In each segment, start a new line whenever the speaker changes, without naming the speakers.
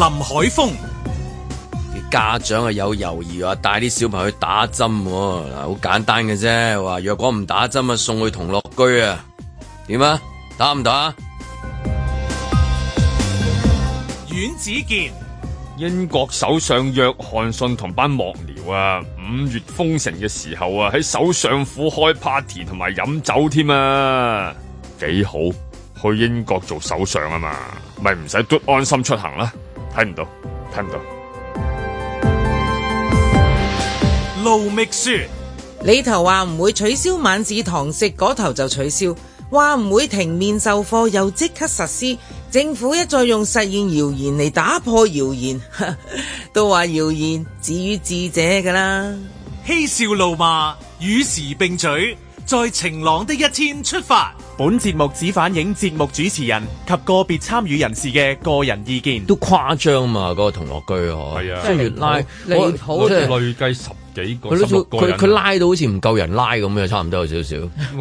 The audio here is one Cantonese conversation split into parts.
林海峰，啲家長啊有猶豫啊，帶啲小朋友去打針嗱，好簡單嘅啫。話若果唔打針啊，送去同樂居啊，點啊打唔打？阮子健，
英國首相約翰遜同班幕僚啊，五月封城嘅時候啊，喺首相府開 party 同埋飲酒添啊，幾好去英國做首相啊嘛，咪唔使都安心出行啦。睇唔到，睇唔到。
盧秘書你頭話唔會取消晚市堂食，嗰頭就取消；話唔會停面授課，又即刻實施。政府一再用實現謠言嚟打破謠言， 都
話謠言止於智者噶啦。嬉笑怒罵，與時
並舉，
在晴朗的一天出發。
本節目只反映節目主持人及個別參與人士嘅個人意見。都誇張啊嘛，嗰、那個同樂居嗬、啊。即係越拉，累計十幾個，佢拉到好似唔夠人拉咁啊，差唔多有少少。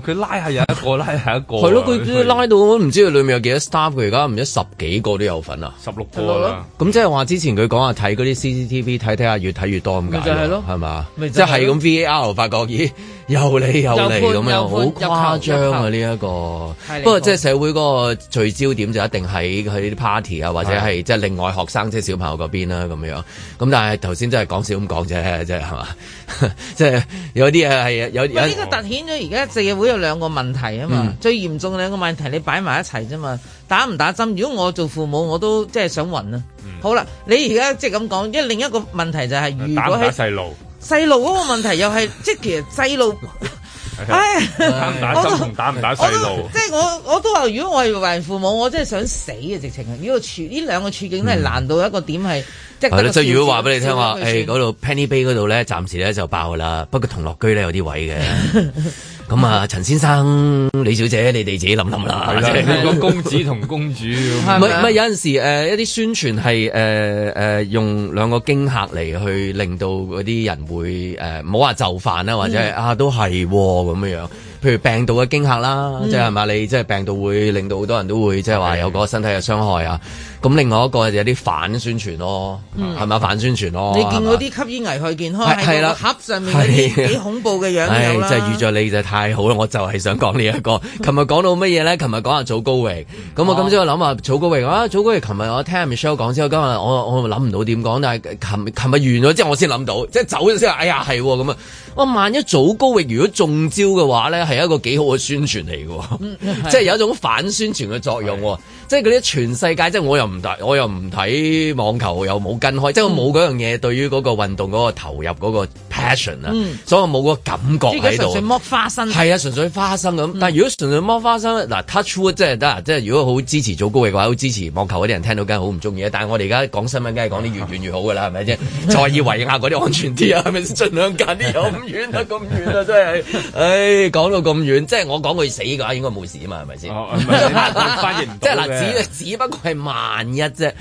佢 拉下係一個， 拉下一個、啊。係咯，佢
拉到唔知佢裡面有幾多 star，佢而家唔知十幾個都有份啊，十六個啦。咁即係話之前佢講話睇嗰啲 CCTV，睇睇下越睇越多咁解咯，係、就、嘛、是？即係咁 VAR 發覺咦？又嚟又嚟，咁樣，好誇張啊！呢一個，不過即係社會嗰個聚焦點就一定喺佢啲 party 啊，或者係即係另外學生即係、就是、小朋友嗰邊啦、啊、咁樣。咁但係頭先真係講笑咁講啫，即係係嘛？即係 有啲嘢係有。喂，呢個突
顯咗而家社會有兩個問題啊嘛。嗯、最嚴重兩個問題，你擺埋一齊啫嘛。打唔打針？如果我做父母，我都即係想暈啊。嗯、好啦，你而家即係咁講，因為另一個問題就係如果係細路。細路嗰個問題又係，即係其實細路，
唉，打唔打細路？我即係
我我都話，我都話如果我係為人父母，我真係想死啊！直情係！呢個處呢兩個處境都係難到一個點係、嗯，即係。即係如果話俾你聽話，誒嗰
度 Penny Bay 嗰度咧，暫時咧就爆啦，不過同樂居咧有啲位嘅。 咁啊，陳先生、李小姐，你哋自己諗諗啦。個公
子同公主，唔係唔係有
陣時誒、呃、一啲宣傳係誒誒用兩個驚嚇嚟去令到嗰啲人會誒唔好話就範啦，或者係啊都係咁樣樣。譬如病毒嘅驚嚇啦，即係係嘛，你即係病毒會令到好多人都會即係話有個身體嘅傷害啊。嗯嗯咁另外一個就有啲反宣傳咯，係、嗯、咪反宣傳咯，你見嗰
啲吸煙危害健康，係個盒上面係幾恐怖嘅樣咁樣、 哎。就係、遇
著你就太好啦， 我就係想講呢一個。琴日講到乜嘢咧？琴日講下早高榮，咁、哦、我今朝我諗下早高榮啊早高榮。琴、啊、日我聽阿 Michelle 講之後，今日我我諗唔到點講，但係琴琴日完咗之後，我先諗到，即係走咗之後。哎呀，係咁啊！我萬一早高榮如果中招嘅話咧，係一個幾好嘅宣傳嚟嘅、嗯，即係有一種反宣傳嘅作用。即係嗰啲全世界，即係我又唔我又唔睇網球，又冇跟開，即係冇嗰樣嘢對於嗰個運動嗰個投入嗰個 passion 啊、嗯，所以我冇個感覺喺度。依家純
粹花生，係啊，
純粹花生咁、嗯。但係如果純粹剝花生，嗱 touch wood 即係得啊，即係如果好支持祖高嘅話，好支持網球嗰啲人聽到梗係好唔中意。但係我哋而家講新聞梗係講啲越遠越，越，越好㗎啦，係咪先？塞爾維亞嗰啲安全啲啊，係咪？盡量揀啲又唔遠啦、啊，咁遠啊。真係。唉，講到咁遠，即係我講佢死嘅話，應該冇事啊嘛，係咪先？ 啊只不過係萬一啫。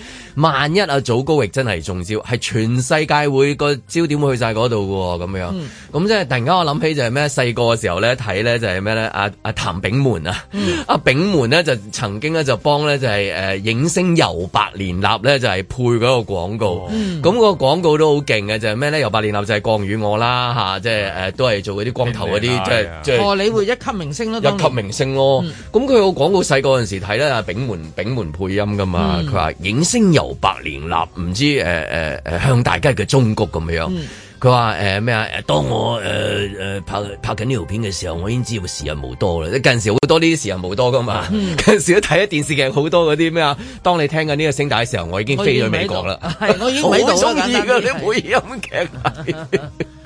萬一啊，祖高域真係中招，係全世界會個焦點會去晒嗰度嘅喎，咁樣，咁、嗯、即係突然間我諗起就係咩？細個嘅時候咧睇咧就係咩咧？阿、啊、阿、啊、譚炳門啊，阿、嗯啊、炳門咧就曾經咧就幫咧就係、是、誒、啊、影星由白蓮立咧就係配嗰個廣告，咁、哦那個廣告都好勁嘅就係咩咧？由白蓮立就係降雨我啦嚇，即係誒都係做嗰啲光頭嗰啲，即係荷里
活一級明星咯，一級
明星咯。咁、嗯、佢個廣告細個嗰陣時睇咧，阿、啊、炳門炳門配音㗎嘛，佢、嗯、話影星由」。百年立唔知誒誒誒向大家嘅忠告咁樣，佢話誒咩啊？當我誒誒、呃、拍拍緊呢條片嘅時候，我已經知道時日無多啦。即近時好多呢啲時日無多噶嘛，近時都睇咗電視劇好多嗰啲咩啊？當你聽緊呢個聲帶嘅時候，我已經飛咗美國啦。
我已經喺度啦，簡 單，
單你唔會咁樂劇。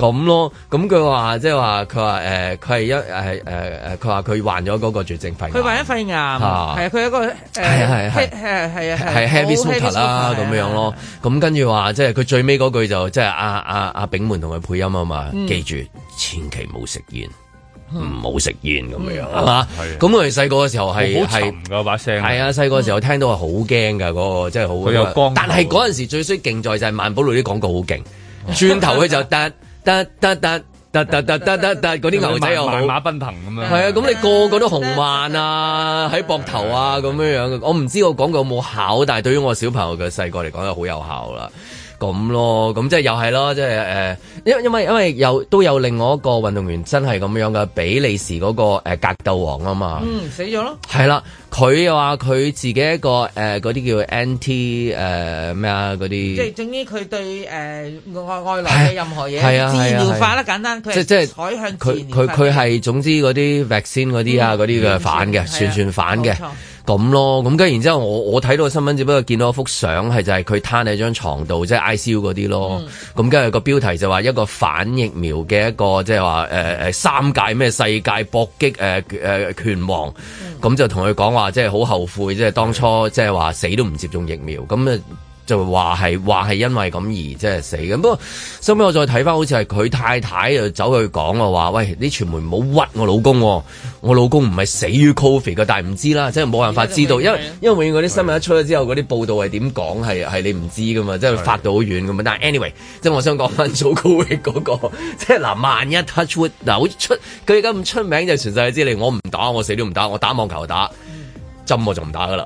咁咯，咁佢話即係話佢話誒，佢係一誒誒誒，佢話佢患咗嗰個絕症肺癌。佢患咗肺癌，係啊，佢有個誒，
係係係係啊，係 heavy smoker 啦咁樣咯。
咁、嗯、跟住話即係佢最尾句就即係阿阿阿炳門同佢配音啊嘛，記住、嗯、千祈冇食煙，唔、嗯、冇食煙咁樣，係、嗯、嘛？係。咁細個嘅時候係係係啊，細、那個係時候聽到係好驚噶嗰個，即係好。有光。但係陣時最衰勁在就係萬寶路啲廣告好勁，轉、啊啊、頭佢就得。 得得得得得得得，嗰啲牛仔又好，馬奔
騰咁、就
是、啊！係啊，咁你個個都紅萬啊，喺膊頭啊咁、嗯嗯、樣樣。我唔知我講嘅有冇效，但係對於我小朋友嘅細個嚟講，又好有效啦。咁咯，咁即係又係咯，即係誒，因因為因為又都有另外一個運動員真係咁樣嘅，比利時嗰個誒格鬥王啊嘛，嗯，死咗咯，係啦、啊，佢又話佢自己一個誒嗰啲叫 N T 誒、呃、咩啊嗰啲，即係
正於佢對誒外、呃、外來嘅任何嘢，治療化啦簡單佢即即採向佢佢佢係
總之嗰啲 vaccine 嗰啲啊嗰啲嘅反嘅，全全反嘅。咁咯，咁跟然之後，我我睇到個新聞，只不過見到一幅相，係就係佢攤喺張床度，即係 ICU 嗰啲咯。咁跟住個標題就話一個反疫苗嘅一個，即係話誒三屆咩世界搏擊誒誒拳王，咁、嗯、就同佢講話，即係好後悔，即係當初、嗯、即係話死都唔接種疫苗，咁啊。就話係話係因為咁而即係死咁不過收尾我再睇翻，好似係佢太太就走去講話，話喂你傳媒唔好屈我老公喎、哦，我老公唔係死於 Covid 嘅，但係唔知啦，即係冇辦法知道，因為因為永遠嗰啲新聞一出咗之後，嗰啲報道係點講係係你唔知噶嘛，即係發到好遠㗎嘛。但係 anyway，即係我想講翻祖高域嗰個，即係嗱、啊，萬一 touchwood 嗱、啊，好出佢而家咁出名就是、全世界知你，我唔打我死都唔打，我打網球打。針我就唔打噶啦，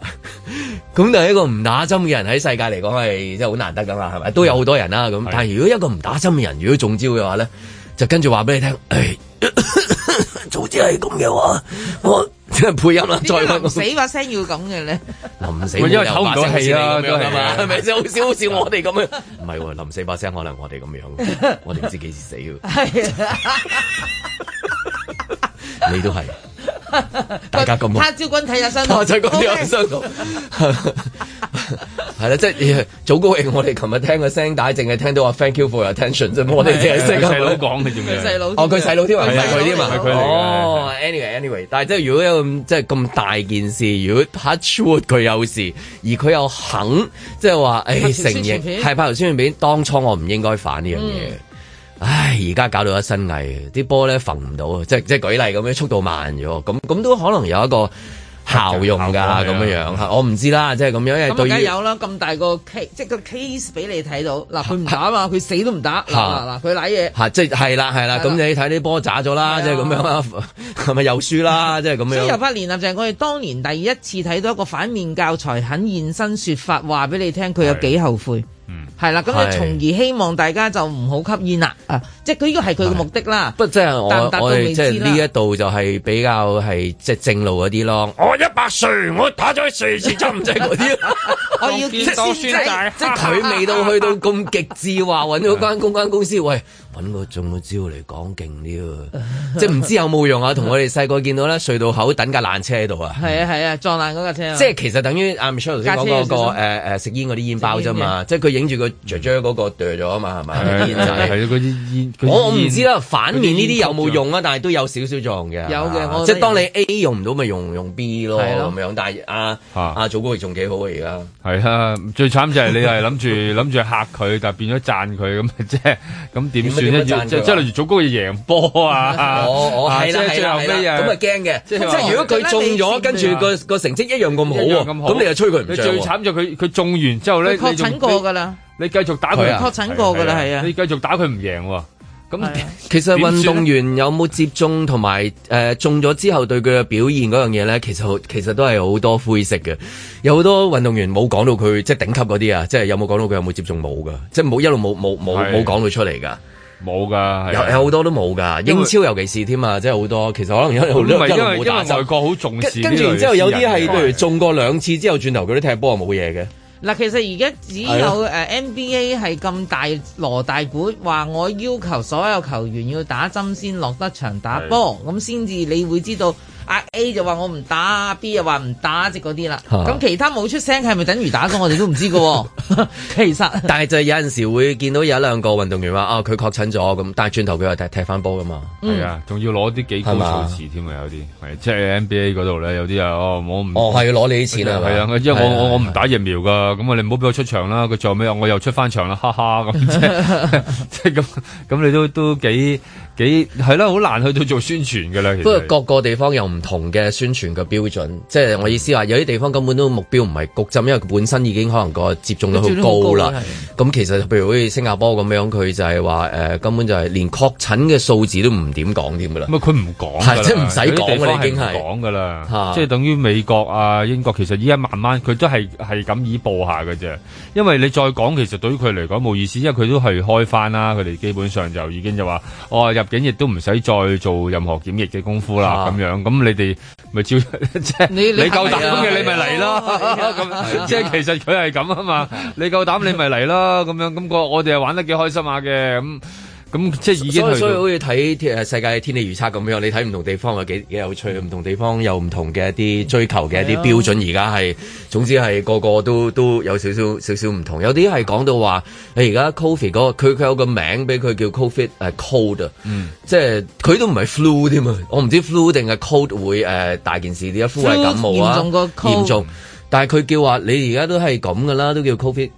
咁就一個唔打針嘅人喺世界嚟講係真係好難得噶嘛，係咪？都有好多人啦，咁。但係如果一個唔打針嘅人，如果中招嘅話咧，就跟住話俾你聽，唉、哎，早知係咁嘅話，我即係配音啦，再啦，死
把聲要咁嘅咧，
臨死，因為抽唔到氣啊，咁啊嘛，係咪先？是是好少好少，我哋咁樣，唔係、啊，臨死把聲可能我哋咁樣，我哋唔知幾時死嘅，
係，
你都係。 大家咁，他
朝君睇下聲，我再講下聲讀，
係啦、okay. 即係早嗰日我哋琴日聽個聲帶，但係淨係聽到話 Thank you for your attention 啫。我哋聽細佬講佢啫咩細佬，哦，佢細佬啲話唔係佢添啊，哦，Anyway，Anyway，但係即係如果有咁即係咁大件事，如果 Patrick Wood 佢有事，而佢又肯即係話，誒，承認係拍頭宣傳片，當初我唔應該反呢樣嘢。唉，而家搞到一身蟻，啲波咧縫唔到，即係即係舉例咁樣，速度慢咗，咁咁都可能有一個效用噶，咁樣樣，啊、我唔知啦，即係咁樣。而家有啦，
咁大個 case，即係個 case 俾你睇到，嗱，佢唔打嘛，佢、啊、死都唔打，嗱、啊啊，佢瀨嘢，即係、啊啊啊、啦，係啦、啊，咁你
睇啲波差咗啦，即係咁樣啦，係咪又輸啦，即係咁樣。四有八
年立正，啊、我哋當年第一次睇到一個反面教材，啊、肯現身說法，話俾你聽佢有幾後悔。嗯，係啦，咁佢從而希望大家就唔好吸煙啦，啊，即係佢呢個係佢嘅目的啦。不即係我達達我係即係呢一
度就係比較係即係正路嗰啲咯。我一百歲，我打咗四次針，即係嗰啲。我要見當孫子，即係佢 未到去到咁極致，話搵到間公關公司 喂。揾中招嚟講勁啲喎， 即唔知有冇用啊？同我哋細個見到咧隧道口等架爛車喺度啊！
係啊係啊，撞爛嗰架
車。嗯、即係其實等於阿 Michelle 先嗰個、呃、食煙嗰啲煙包啫嘛，即係佢影住個嚼嚼嗰個啄咗啊嘛，係、嗯、咪？係係嗰啲煙我我唔知啦，反面呢啲有冇用啊？但係都有少少作用嘅。有嘅，即係當你 A 用唔到咪用用 B 咯咁樣。但係啊阿祖哥仲幾好而家。
係啊，最慘就係你係諗住諗住嚇佢，但係變咗讚佢咁即係咁點。即係即係，例如祖高要贏波啊！哦哦，係啦係啊。咁啊驚嘅。即係如果佢中咗，跟住個個成績一樣咁好喎，咁你又吹佢唔准。你最慘就佢佢中完之後咧，確診過噶，啦，你繼續打佢確診過噶啦，係啊，你繼續打佢唔贏喎。咁其實運動
員有冇接種同埋誒，中咗之後對佢嘅表現嗰樣嘢咧，其實其實都係好多灰色嘅。有好多運動員冇講到佢即係頂級嗰啲啊，即係有冇講到佢有冇接種冇噶，即係冇一路冇冇冇冇講到出嚟噶。冇噶，有有好多都冇噶，英超尤其是添啊，即係好多。其實可能有因為，因為，因，為有因為外國好重視人，跟住之後有啲係，譬如中過兩次之後，轉頭佢都踢波冇嘢嘅。
嗱，其實而家只有誒、uh, NBA 係咁大鑼大鼓話我要求所有球員要打針先落得場打波，咁先至你會知道。阿 A 就話我唔打，B 又話唔打，即嗰啲啦。咁、就是、 其他冇出聲係咪等於打過？我哋都唔知噶、哦。
其實，但係就係有陣時會見到有一兩個運動員話：，哦，佢確診咗咁，但係轉頭佢又踢返翻波噶嘛。係、嗯、啊，仲
要攞啲幾高數字添啊，有啲即係 NBA 嗰度咧，有啲啊，哦，我唔哦係要攞你啲錢係嘛？啊，因為我、啊、我我唔打疫苗噶，咁我你唔好俾我出場啦。佢做咩我又出翻場啦，哈哈咁即即係咁咁， 你都都幾幾係啦？好、啊、難去到做宣傳噶啦，其實不過各個地方又。
唔同嘅宣傳嘅標準，
即係我意思話，有啲地
方根本都目標唔係局針，因為本身已經可能個接種率好高啦。咁其實譬如好似新加坡咁樣，佢就係話誒根本就係連確診嘅數字都唔點講添噶啦。
咁佢唔講即係唔使講啦。你已經係講噶啦，即係等於美國啊、英國，其實依家慢慢佢都係係咁依步下嘅啫。因為你再講，其實對於佢嚟講冇意思，因為佢都係開翻啦。佢哋基本上就已經就話，哦入境亦都唔使再做任何檢疫嘅功夫啦，咁樣咁。你哋咪照，即係你夠膽嘅，你咪嚟咯。咁即係其實佢係咁啊嘛。你夠膽你，你咪嚟咯。咁樣咁個我哋係玩得幾開心下嘅咁。嗯咁即係已經，所以所以好似睇世界天氣預
測咁樣，你睇唔同，同地方有幾幾有趣，唔同地方有唔同嘅一啲追求嘅一啲標準。而家係總之係個個都都有少少少少唔同，有啲係講到話你而家 Covid 嗰、嗰個，佢佢有個名俾佢叫 Covid、uh, cold 啊、嗯，即係佢都唔係 flu 添嘛，我唔知 flu 定係 cold 會誒、呃、大件事啲啊，呼嚟感冒啊，Flute, 嚴重 Code, 嚴重，但係佢叫話你而家都係咁噶啦，都叫 Covid。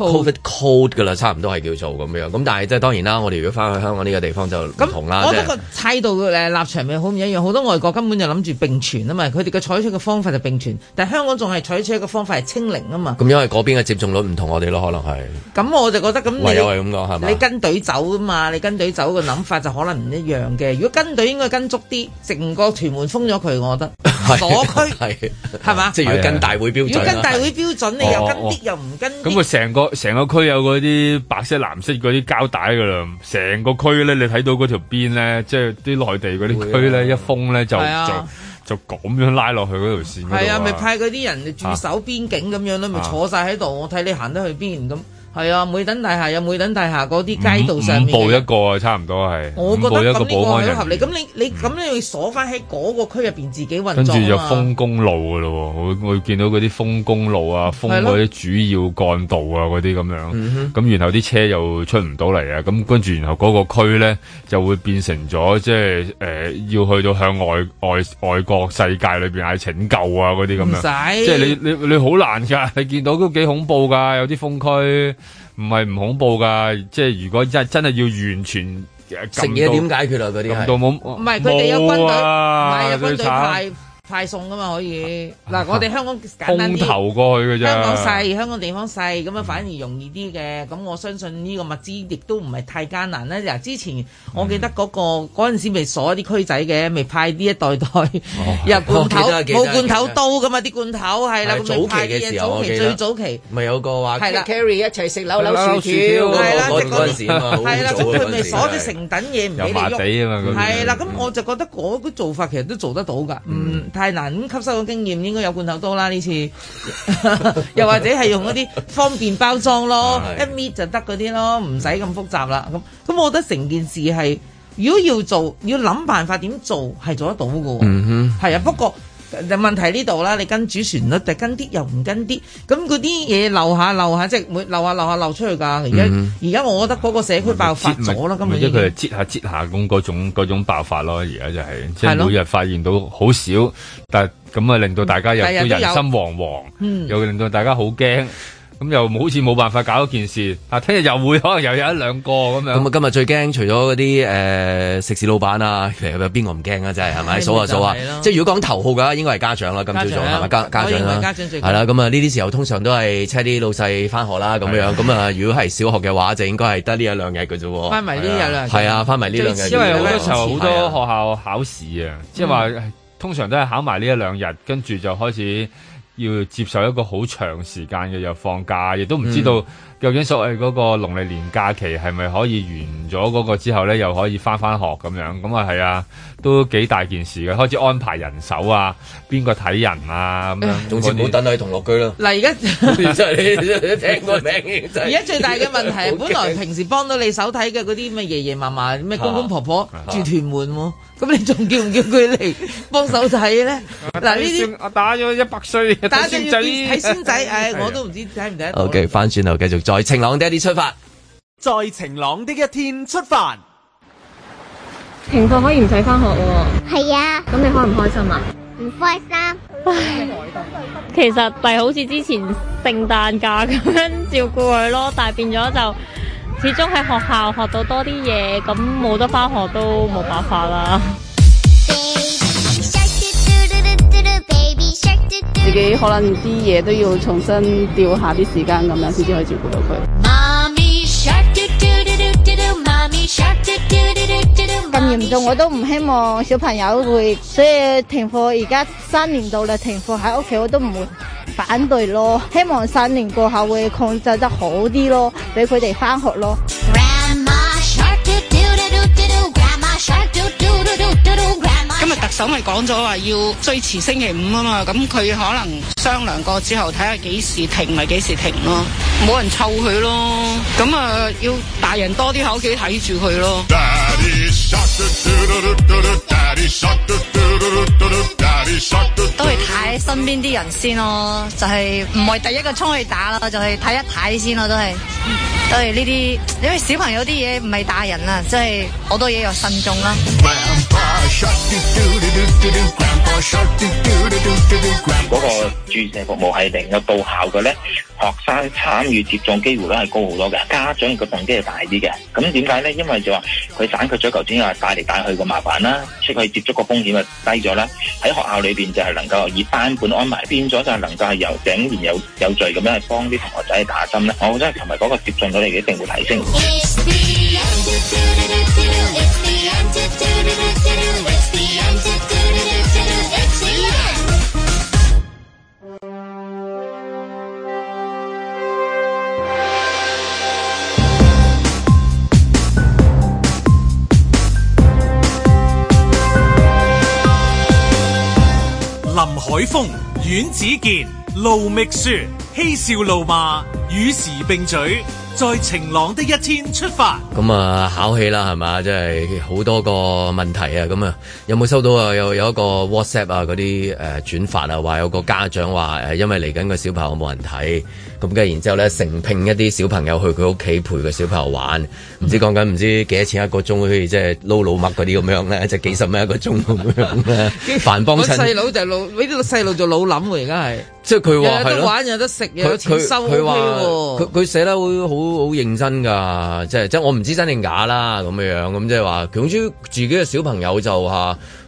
Covid cold 噶啦，差唔多係叫做咁樣。咁但係即係當然啦，我哋如果翻去香港呢個地方就唔同啦。我覺得個
態度嘅立場咪好唔一樣。好多外國根本就諗住並存啊嘛，佢哋嘅採取嘅方法就並存，但係香港仲係採取嘅方法係清零啊嘛。咁
因為嗰邊嘅接種率唔同我哋咯，可能係。
咁我就覺得咁，你你跟隊走啊嘛，你跟隊走嘅諗法就可能唔一樣嘅。如果跟隊應該跟足啲，成個屯門封咗佢，我覺得。
左 區係嘛？即係如果跟大會標準。如果跟大會
標準，你又跟啲、哦、又唔
跟咁啊，成、哦哦、個。成個區有嗰啲白色、藍色嗰啲膠帶噶啦，成個區咧，你睇到嗰條邊咧，即係啲內地嗰啲區咧，一封咧就、啊、就就咁樣拉落去嗰條線。係啊，咪派
嗰啲人駐守邊境咁樣咯，咪、啊、坐晒喺度，我睇你行得去邊咁。啊係啊，每等大廈有每等大廈嗰啲街道上面，五,五步一
個啊，差唔多係。我覺得咁呢個
好合理。咁、嗯、你你咁樣鎖翻喺嗰個區入邊自己運作、啊、跟住就封
公路噶咯，我我見到嗰啲封公路啊，封嗰啲主要幹道啊，嗰啲咁樣。咁、嗯、然後啲車又出唔到嚟啊。咁跟住然後嗰個區咧就會變成咗，即係誒、呃、要去到向外外外國世界裏邊嗌拯救啊嗰啲咁樣。唔使，即係你你你好難噶，你見到都幾恐怖噶，有啲封區。唔係唔恐怖噶，即係如果真真係要完全禁到，成嘢點解決啊？嗰啲冇？唔係佢哋有軍隊，唔
派送噶嘛，可以嗱，我哋香港罐頭
過去嘅啫。香港細，
香港地方細，咁樣反而容易啲嘅。咁我相信呢個物資亦都唔係太艱難啦。嗱，之前我記得嗰個嗰陣時未鎖啲區仔嘅，未派啲一袋袋入罐頭，冇罐頭刀噶嘛啲罐頭，係啦，未派嘅時候，早期最早期
咪有個話，carry 一
齊食扭扭薯條，係啦，即係嗰陣時嘛，係啦，佢咪鎖啲成等嘢唔俾你喐，係啦，咁我就覺得嗰個做法其實都做得到㗎。太難吸收嘅經驗，應該有罐頭多啦呢次， 又或者係用嗰啲方便包裝咯，一搣就得嗰啲咯，唔使咁複雜啦。咁咁，咁我覺得成件事係，如果要做，要諗辦法點做，係做得到噶。嗯哼。係啊，不過。問題呢度啦，你跟主旋律，就是，跟啲又唔跟啲，咁嗰啲嘢，漏下漏下，即係會漏下漏下漏出去噶。而家而家，嗯、我覺得嗰個社區爆發咗啦，咁即係佢係
擠下擠下咁嗰種嗰種爆發咯。而家就係、是，即係每日發現到好少，但咁啊令到大家又都有人心惶惶，嗯，又令到大家好驚。咁又好似冇辦法搞一件事啊！聽日又會可能又有一兩個咁樣。咁啊，今日最驚除咗嗰啲誒食肆老闆啊，其實有
邊個唔驚啊？真係係咪數下數下？即係、啊就是、如果講頭號嘅話，應該係家長啦。今朝早係咪家長啦？係啦，咁啊，呢啲時候通常都係車啲老細翻學啦，咁樣。咁啊，如果係小學嘅話，就
應該係得呢一兩日嘅啫喎。翻埋呢日係啊，翻埋呢兩日。因為好多時候好多學校考試啊，即係話通常都係考埋呢一兩日，跟住就開始。要接受一個好長時間嘅又放假，亦都唔知道。嗯。究竟所謂嗰個農曆年假期係咪可以完咗嗰個之後咧，又可以翻翻學咁樣？咁啊係啊，都幾大件事嘅，開始安排人手啊，邊個睇人啊咁樣，總之唔好等佢同樂居咯。
嗱而家
而
家最大嘅問題， 本來平時幫到你手睇嘅嗰啲咩爺爺嫲嫲、咩公公婆婆、啊、住屯門喎，咁、啊、你仲叫唔叫佢嚟幫手睇咧？嗱呢啲我打咗一百歲打孫仔睇孫仔，誒我都唔知睇唔睇。OK，
翻轉頭繼續。在晴朗的一啲出發，
在晴朗的一天出發。
情況可以唔使返學喎，係啊，咁你開唔開心啊？唔開心。其實咪好似之前聖誕假咁樣照顧佢咯，但係變咗就始終喺學校學到多啲嘢，咁冇得返學都冇辦法啦。
自己可能啲嘢都要重新調下啲時間咁樣，先至可以照顧到佢。
咁嚴重
我都唔希望小朋友會所以停課，而家三年到啦，停課喺屋企我都唔會反對咯，希望三年過後會控制得好啲咯，俾佢哋翻學咯。今日特首咪講咗話要最遲星期五啊嘛，咁佢可能商量過之後睇下幾時停咪幾時停咯，冇人湊佢咯，咁啊要大人多啲喺屋企睇住佢咯。都係睇身邊啲人先咯，就係唔係第一個衝去打啦，就係、是、睇一睇先咯，都係都係呢啲，因為小朋友啲嘢唔係打人我有啊，即係好多嘢又慎重啦。
注射服務係令到到校嘅咧，學生參與接種機會率係高好多嘅，家長嘅動機係大啲嘅。咁點解咧？因為就話佢省卻咗頭先話帶嚟帶去嘅麻煩啦，即
佢接觸個風險啊低咗啦。喺學校裏面就係能夠以單本安排，變咗就係能夠係
由頂面有有序咁樣去幫啲同學仔去打針咧。我覺得琴日嗰個接種率一定會提升。
海峰阮子健、盧覓雪嬉笑怒罵與時並嘴，在晴朗的一天出發。
咁啊，考起啦，係嘛？即係好多個問題啊。咁啊，有冇收到啊？有有一個 WhatsApp 啊，嗰啲誒轉發啊，話有個家長話係因為嚟緊個小朋友冇人睇。咁跟住，然之後咧，成聘一啲小朋友去佢屋企陪個小朋友玩，唔、嗯、知講緊唔知幾多錢一個鐘、就是， 即係撈老麥嗰啲咁樣咧，即幾幾十蚊一個鐘咁樣咧。凡幫親細佬
就老，呢個細路做老諗喎，而家係。
即係佢話有得玩， 有得
食，有得錢收嗰啲。佢
佢寫得會好好認真㗎、就是，即係即係我唔知真定假啦，咁樣咁即係話，強叔自己嘅小朋友就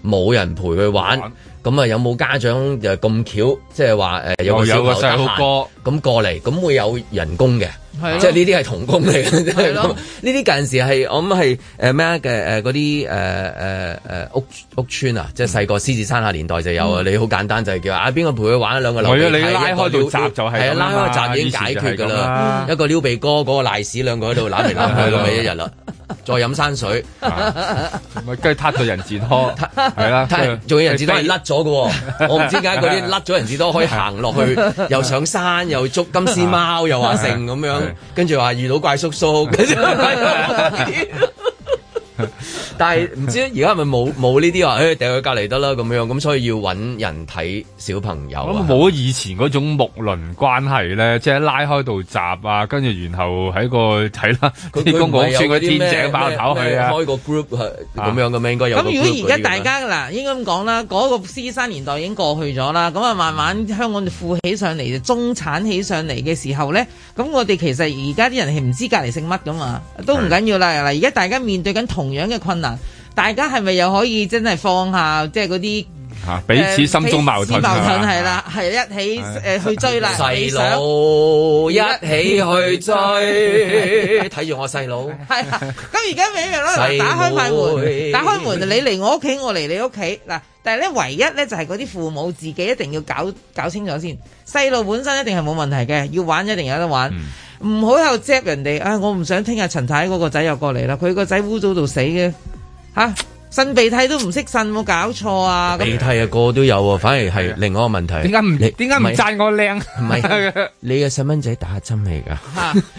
冇、是、人陪佢玩。玩咁啊、就是，有冇家長又咁巧，即係話誒有個細路哥咁過嚟，咁會有人工嘅。係即係呢啲係童工嚟，呢啲、嗯、近時時，係我諗係誒咩嘅誒嗰啲誒誒誒屋屋村啊，即係細個獅子山下年代就有啊、嗯！你好簡單就係叫啊邊個陪佢玩啊兩個你係一,一個要閘就係係啊拉開閘已經解決噶啦，啊、一個撩鼻哥，嗰、那個賴屎，兩個喺度攬嚟攬去咪一日啦， 再飲山水，咪跟住撻個人字拖係啦，仲有人字拖係甩咗喎。我唔知點解嗰啲甩咗人字拖可以行落去又上山又捉金絲貓又話剩咁樣。跟住話遇到怪叔叔。 但係唔知而家係咪冇冇呢啲話？
誒掉隔離得啦咁樣，咁所以要揾人睇小朋友。咁冇以前嗰種木輪關係咧，即係拉開度閘啊，跟住然後喺個睇啦啲公公串天井跑嚟啊，開個 group 係、啊、咁、啊、樣嘅咩？應該有。咁如果而家大
家
嗱應該咁講啦，嗰、那個私生年代已經過去咗啦，咁啊慢慢香港富起上嚟，中產起上嚟嘅時候咧，咁我哋其實而家啲人係唔知隔離姓乜嘅嘛，都唔緊要啦。嗱，而家大家面對緊同樣嘅困。嗱，大家係咪又可以真係放下即係嗰啲
彼此心中矛盾係啦，係、呃、
一起誒去追啦，細佬
一起去追，睇 住我細佬。
係 啦、啊，咁而家咪咪咯，嗱，打開快門，打開門。你嚟我屋企，我嚟你屋企。嗱，但係咧，唯一咧就係嗰啲父母自己一定要搞搞清楚先。細路本身一定係冇問題嘅，要玩一定有得玩，唔好又接人哋。啊、哎，我唔想聽日陳太嗰個仔又過嚟啦，佢個仔污糟到死嘅。吓、啊，擤鼻涕都唔識擤，冇搞錯啊？鼻涕
啊，個個都有、啊，反而係另外一個問題。點解唔點解唔讚
我靚？唔係，
你嘅細蚊仔打針嚟噶？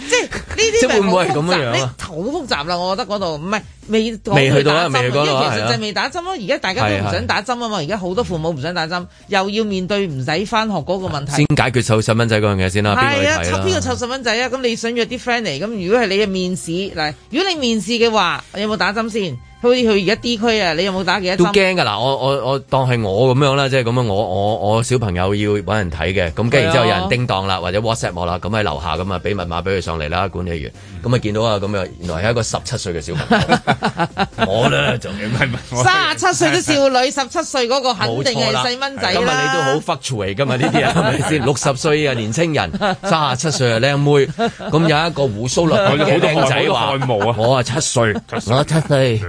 即係呢
啲，即會唔會係咁樣樣啊？好 複雜啦、啊啊，我覺得嗰度唔係。未未去到啦，未到啦，其實就未打針咯。而家大家都唔想打針啊嘛。而家好多父母唔想打針，又要面對唔使翻學嗰個問題。先
解決湊細蚊仔嗰樣嘢先啦。係啊，湊邊、呢個湊
細蚊仔啊？咁你想約啲 friend 嚟？咁如果係你嘅面試，嗱，如果你面試嘅話，有冇打針先？好似佢而家 D 區啊，你有冇打幾多針？都驚
噶嗱，我我我當係我咁樣啦，即係咁樣，就是、我我我小朋友要搵人睇嘅，咁跟然之後有人叮噹啦、啊，或者 WhatsApp 我啦，咁喺樓下咁啊，俾密碼俾佢上嚟啦，管理員，咁啊見到啊，咁啊原來係一個十七歲嘅小朋友。 我啦呢，仲要係三十七歲都
少女， 十七歲嗰個肯定係細蚊仔啦。咁、啊、 你都
好 f u t c h 嚟噶嘛？呢啲係咪先？ 六十歲啊，年青人， 三十七歲啊，靚妹，妹。咁 有一個鬍鬚咯，好靚仔話，我 啊七歲，我七歲。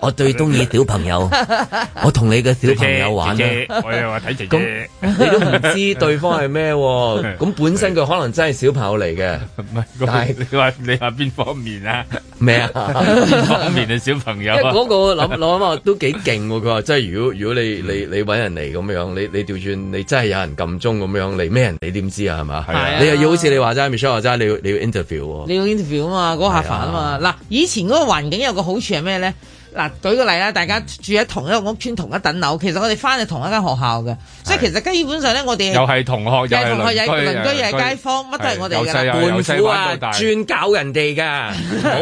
我對東意小朋友， 我同你嘅小朋友玩嘅。我又話睇姐，姐你都唔知對方係咩喎？咁本身佢可能真係小朋友嚟嘅，唔係你話你話邊方面啊？
咩啊？邊方面嘅小朋
友，啊，因嗰個諗諗話都幾勁喎！佢話即係如果如果你你你人嚟咁樣，你你調轉，你真係有人撳鐘咁樣嚟咩人？你點知啊？係咪？係你又要好似你話齋咪錯話齋你要 interview 喎！
你要 interview 啊嘛？嗰、那、下、個、客飯啊嘛！嗱，以前嗰個環境有個好處係咩咧？嗱，舉個例啦，大家住喺同一個屋邨，嗯、同一等樓，其實我哋翻去同一間學校嘅。即係其實基本上咧，我哋又係
同學係同學仔，
鄰居又係街坊，乜都係我哋嘅。由細由細
玩到大，轉教人哋㗎，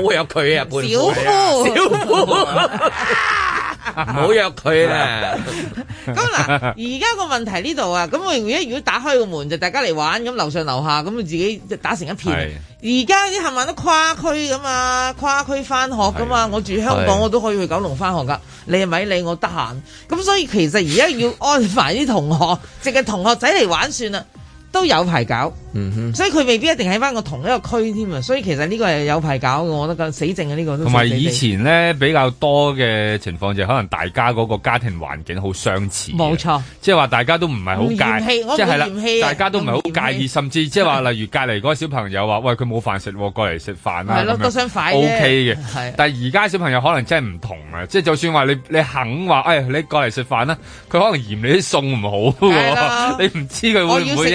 我 會有佢啊，啊，小夫，啊、小夫 母 唔好約佢啦。咁嗱，而
家個問題呢度啊，咁我如果要如果打開個門就大家嚟玩，咁樓上樓下咁自己就打成一片。而家啲冚唪唥都跨區噶嘛，跨區翻學噶嘛，我住香港我都可以去九龍翻學噶。你咪理我得閒。咁所以其實而家要安排啲同學，淨 係同學仔嚟玩算啦，都有排搞。嗯、所以佢未必一定喺翻個同一個區添啊，所以其實呢個係有排搞嘅，我覺得死淨啊呢個都同埋以前
咧比較多嘅情況就可能大家嗰個家庭環境好相似，冇錯，即係話大家都唔係好介，即係、嫌棄、大家都唔係好介意，甚至即係話例如隔籬嗰個小朋友話喂佢冇飯食喎，飯過嚟食飯啦，係咯，都想快嘅，O K 嘅，但係而家小朋友可能真係唔同、就是哎、啊，即係就算話你你肯話誒你過嚟食飯啦，佢可能嫌你啲餸唔好，係 你唔知佢會唔會因
為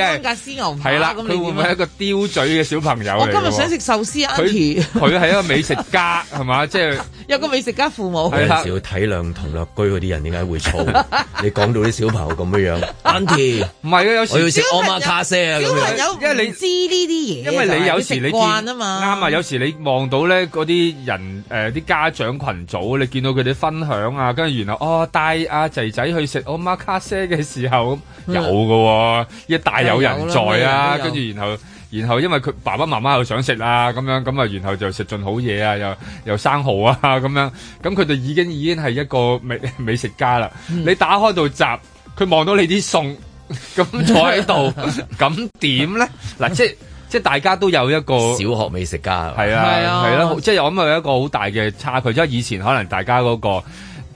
係啦。 會唔會係一個
刁嘴嘅小朋友嚟？我今日想食
壽司 a 佢係
一個美食家，係 嘛？即、就、係、
是、
有個美食家父母。有時候
要體諒同樂居嗰啲人點解會
嘈。 你講到啲小朋友咁樣樣 Auntie 唔係有時。我要食奧馬卡西啊！小朋，小朋，
小朋
因為你知呢啲嘢。因為你有時你、就是、嘛。啱啊，有
時你望到咧嗰啲人啲、呃、家長群組，你見到佢哋分享啊，跟住然後哦帶阿仔仔去食奧馬卡西嘅時候，嗯、有㗎喎、啊，一大有人在啊！然後然後因為佢爸爸媽媽又想食啊，咁樣咁啊，然後就食盡好嘢啊，又又生蠔啊，咁樣咁，佢哋已經已經係一個美美食家啦、嗯、你打開到閘，佢望到你啲餸，咁坐喺度，咁點呢？嗱，即係即係大家都有一個小學美食家。係啊係咯，即係我諗有一個好大嘅差距，即係以前可能大家嗰、那個。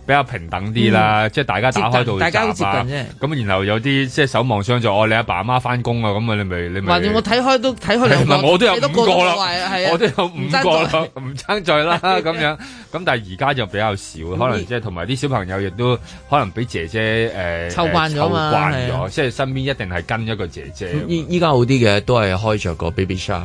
比較平等啲啦，嗯、即係大家打開到、啊，大家好接近啫。咁、嗯、然後有啲即係守望相助，我、哦、你阿爸阿媽返工啊，咁啊，你咪你咪。或者我睇
開都睇開兩，唔 我都有五個啦， 我都有五個啦，
唔爭在啦咁樣。咁但係而家就比較少， 可能即係同埋啲小朋友亦都可能俾姐姐誒抽慣咗嘛，抽慣咗、呃，即係身邊一定係跟一個姐姐。依依
家好啲嘅，都係開着個 baby shark。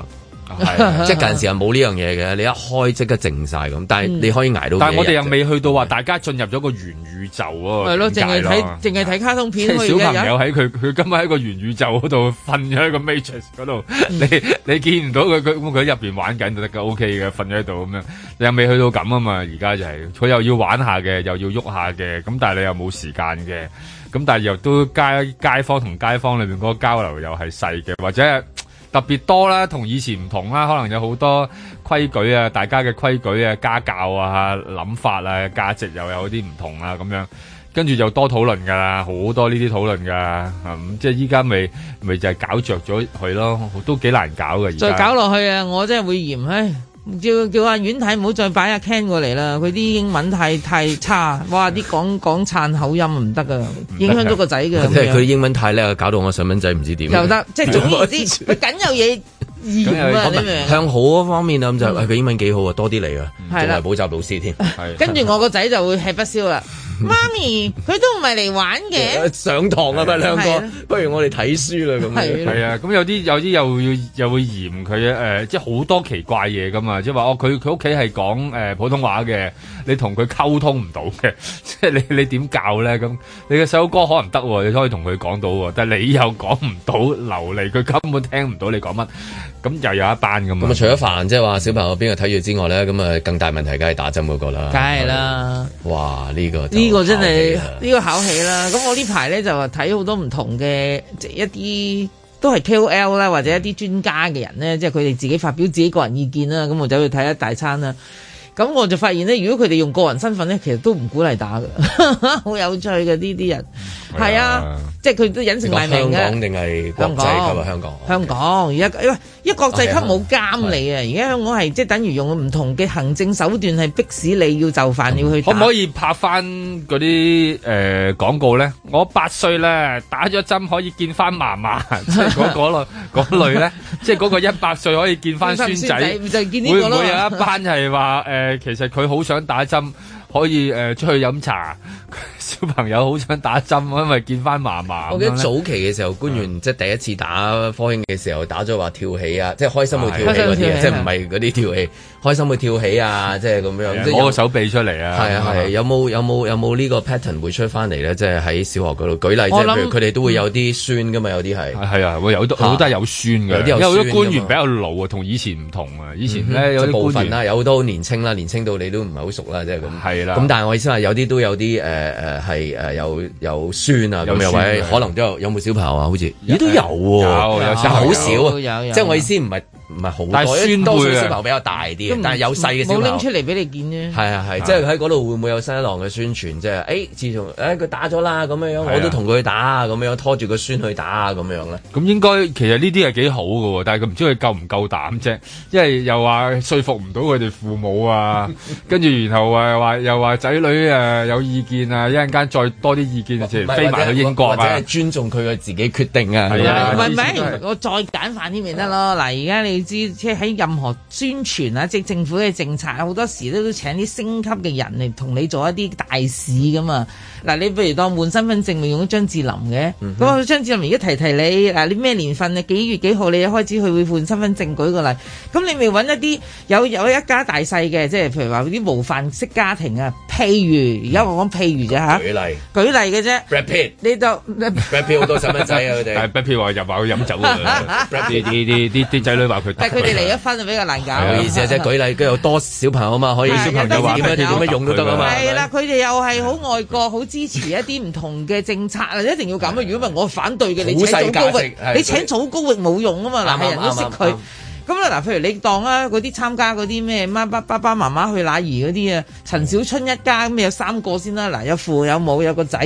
是 即係近時係冇呢樣嘢嘅，你一開即
刻靜晒咁。但係你可以捱到。但係我哋又未去到話大家進入咗個元宇宙啊！係咯，淨係睇，淨
係睇卡通片。小朋友
喺佢佢今日喺個元宇宙嗰度瞓咗喺個 Matrix 嗰度，你你見唔到佢佢咁佢喺入邊玩緊就得嘅 OK 嘅，瞓咗喺度咁樣。你又未去到咁啊嘛，而家就係佢又要玩下嘅，又要喐下嘅，咁但係你又冇時間嘅。咁但係又都街街坊同街坊裏面嗰個交流又係細嘅，或者。特別多啦，同以前唔同啦，可能有好多規矩啊，大家嘅規矩啊、家教啊、諗法啊、價值又有啲唔同啊咁樣，跟住就多討論噶啦，好多呢啲討論噶，咁即係依家咪咪就係搞着咗佢咯，都幾難搞嘅。再搞落
去啊！我真係會嫌棄。叫叫阿婉睇，唔好再擺阿 Ken 過嚟啦。佢啲英文太太差，哇！啲講講撐口音唔得㗎，影響咗個仔㗎。佢
英文太叻，搞到我細蚊仔唔知點。又得，即 係總之，
佢 梗有嘢意啊。向
好嗰方面啊，咁就佢英文幾好啊，多啲嚟啊，仲係補習老師添。跟住我
個仔就會吃不消啦。 媽咪佢都唔係嚟玩嘅，
上堂啊嘛兩個，不如我哋睇書啦咁樣，係啊，咁有啲有啲又要又會嫌佢誒、呃，即係好多奇怪嘢噶嘛，即係話哦，佢佢屋企係講誒普通話嘅，你同佢溝通唔到嘅，即係你你點教咧？咁你嘅細佬哥可能得，你可以同佢講到，但係你又講唔到流利，佢根本聽唔到你講乜，咁又有一班咁啊。咁除咗煩即係話小朋友邊個睇住之外咧，咁
啊更大問題梗係打針嗰個啦，梗係啦。哇、嗯、呢、呢個、嗯。呢、呢個真係
呢、呢個考起啦！咁我呢排呢，就睇好多唔同嘅、即、一啲都係 K O L 啦，或者一啲專家嘅人呢，即係佢哋自己發表自己個人意見啦。咁我走去睇一大餐啦。咁我就發現咧，如果佢哋用個人身份咧，其實都唔鼓勵打㗎。好有趣嘅呢啲人，係啊，即係佢都隱姓埋名嘅。香港定
係國際級啊。香港？
香港而家、OK，因為因為國際級冇監你啊，而、OK，家香港係即係等於用唔同嘅行政手段係迫使你要就範要去。可唔可以
拍翻嗰啲誒廣告咧？我八歲咧，打咗針可以見翻嫲嫲，嗰 嗰、嗰個、類嗰咧，即係嗰個一百歲可以見翻孫仔。會唔會有一班係話誒 誒，其實佢好想打針，可以誒出去飲茶。小朋友好想打針，因為見翻嫲嫲。我記得早期嘅時候，嗯、官員即係第一次打科興
嘅時候，打咗話跳起啊，即係開心會跳起嗰啲啊，即係唔係嗰啲跳起。哎開心會跳起啊！即係咁樣，攞、yeah, 個手臂出嚟啊！係啊係、啊啊啊啊啊啊啊啊，有冇有冇有冇呢個 pattern 會出翻嚟咧？即係喺小學嗰度舉例，即係譬如佢哋都會有啲孫噶嘛，有啲係係啊，會有好多都係、啊、有孫嘅，有，些因為啲官員
比較老啊，同以前唔同啊。以前咧、嗯
啊、有些部分啦、啊，有好多年青啦、啊，年青到你都唔係好熟啦，即係咁。係啦、啊。咁但係我意思話，有啲都有啲誒誒係誒有有孫啊咁，又、嗯、或可能都有冇小朋友啊？好似咦都有喎，但係好少啊。即係我意思唔係。唔係好多，但係宣導嘅需求比較大啲，但係有細嘅先冇拎出嚟俾你見啫。係啊係、啊啊，即係喺嗰度會唔會有新一郎嘅宣傳啫？誒、哎，自從誒佢、哎、打咗啦，咁樣樣、啊、我都同
佢打啊，咁樣拖住個孫去打啊，咁樣咧。咁應該其實呢啲係幾好㗎喎，但係佢唔知佢夠唔夠膽啫，因為又話說，說服唔到佢哋父母啊， 跟住然後誒話又話仔女誒、啊、有意見啊，一陣間再多啲意見，直接飛埋去英國、啊、或者，或者尊重佢嘅自己決定啊。係啊，係咪、啊？
我再揀翻啲咪得咯？嗱、啊，而家你。即係喺任何宣傳啊，即係政府嘅政策啊，好多時都都請啲升級嘅人嚟同你做一啲大使咁啊。嗱，你不如當換身份證咪用咗張智霖嘅。咁張智霖而家提提你，嗱，你咩年份啊？幾月幾號你開始去換身份證舉個例。咁你咪揾一啲有有一家大細嘅，即係譬如話啲模範式家庭啊，譬如而家我講譬如啫嚇，舉例舉例嘅啫，你就，blackpink
好多細蚊仔啊佢哋，blackpink 話又話去飲酒啊，啲啲啲啲仔女話佢，但係佢哋離
咗婚就比較難搞，而家只舉
例佢有多小
朋友啊嘛，可以小朋友話點樣點樣用都得啊嘛，係啦，
佢哋又係好愛國好。支持一啲唔同嘅政策啊， 一定要咁啊！如果唔係我反對嘅、啊，你請早高域，啊、你請早高域冇用啊嘛！嗱，係人都識佢。咁啊，嗱，譬如你當啦嗰啲參加嗰啲咩媽爸爸媽媽去哪兒嗰啲啊，陳小春一家咁、哦、有三個先啦。嗱，有父有母有個仔，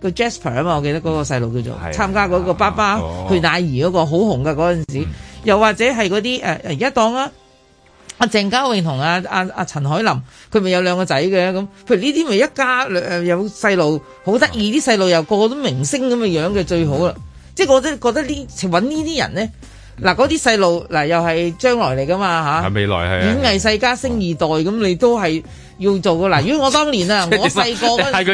個，個 Jasper 啊嘛，我記得嗰個細路叫做、嗯、參加嗰個爸爸去哪兒嗰、嗰個好、嗯嗰個、紅嘅嗰陣時、嗯。又或者係嗰啲誒，而、啊、家當啦、啊。阿鄭嘉穎同阿阿阿陳凱琳，佢咪有兩個仔嘅咁？譬如呢啲咪一家誒有細路，好得意啲細路又個個都明星咁嘅樣嘅最好啦、嗯。即係我都覺得，覺得呢揾呢啲人咧，嗱嗰啲細路嗱又係將來嚟噶嘛嚇，未
來係、啊、演藝
世家、啊、星二代咁，你都係要做嘅嗱、啊。如果我當年啊，我細、那個嗰陣，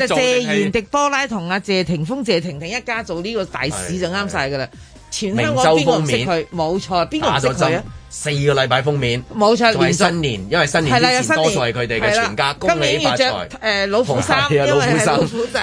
就謝賢、啊、迪波拉同阿謝霆鋒、謝婷婷一家做呢個大使就啱晒嘅啦。前週封面，冇錯，邊個唔識佢啊？
四個禮拜封面，冇錯。仲喺新年，因為新年以前多數係佢哋嘅全家恭發財。今年要著、
呃、老虎衫， 因為係老虎仔。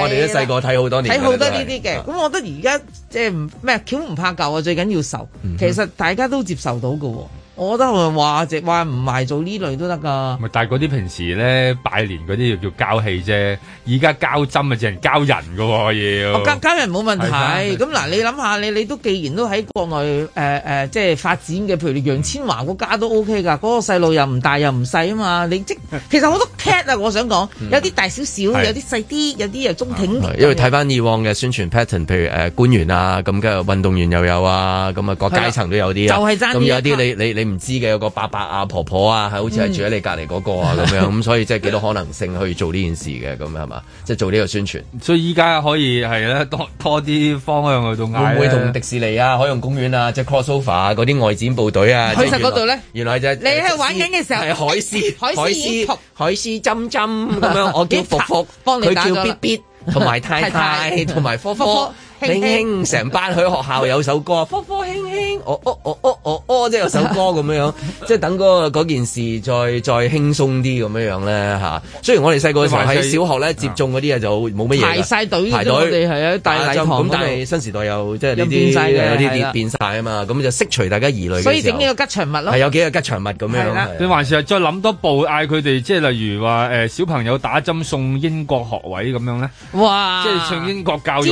我哋都細個睇好多年，睇好多呢啲嘅。咁、嗯、我覺得而家即係唔咩，橋、呃、唔怕舊啊，最緊要受。其實大家都接受到嘅。我覺得話直話唔埋做呢類都得噶，
咪但係嗰啲平時咧拜年嗰啲又叫交戲啫，而家交針啊，只係交人噶喎，嘢哦
交人冇問題。咁嗱，你諗下你你都既然都喺國內誒誒，即係發展嘅，譬如楊千嬅嗰家都 OK 噶，嗰、那個細路又唔大又唔細啊嘛。你即 其實好多 cat 啊，我想講有啲大少少，有啲細啲，有啲、嗯、又中挺，因為睇
翻以往嘅宣傳 pattern，譬如誒、呃、官員啊，咁跟住運動員又有啊，咁啊各階層都有啲、啊啊，就係爭咁有啲你你。唔知嘅有個伯伯啊、婆婆啊，係好似係住喺你隔離嗰個啊咁、嗯、 樣，咁所以即係幾多可能性去做呢件事嘅咁係嘛？即係做呢個宣傳，
所以依家可以係咧多多啲方向去到嗌，會唔會同迪士尼啊、海、啊、
洋公園啊、即係 Crossover 啊嗰啲外展部隊啊？其實嗰度咧，原來係就係、你去玩緊嘅時候，係海獅海獅海獅針針咁樣，我叫福福，幫你叫 B B，同埋太太，同埋福福。輕輕成 班喺學校有首歌，科 科輕輕，哦哦哦哦哦哦，即係有首歌咁樣 樣，即、就、係、是、等嗰個件事再再輕鬆啲咁樣樣咧吓。雖然我哋細個嘅時候喺小學咧、嗯、接種嗰啲嘢就冇乜嘢，排晒隊，排隊，係啊，咁。但係新時代又，即係呢啲有啲變
晒啊嘛，咁就釋除大家疑慮。所以整呢個
吉祥物咯，係有
幾個吉祥物咁樣。你、嗯、還是係再諗多步，嗌佢哋即係例如話誒小朋友打針送英國學位咁樣咧，哇！即係唱英國教育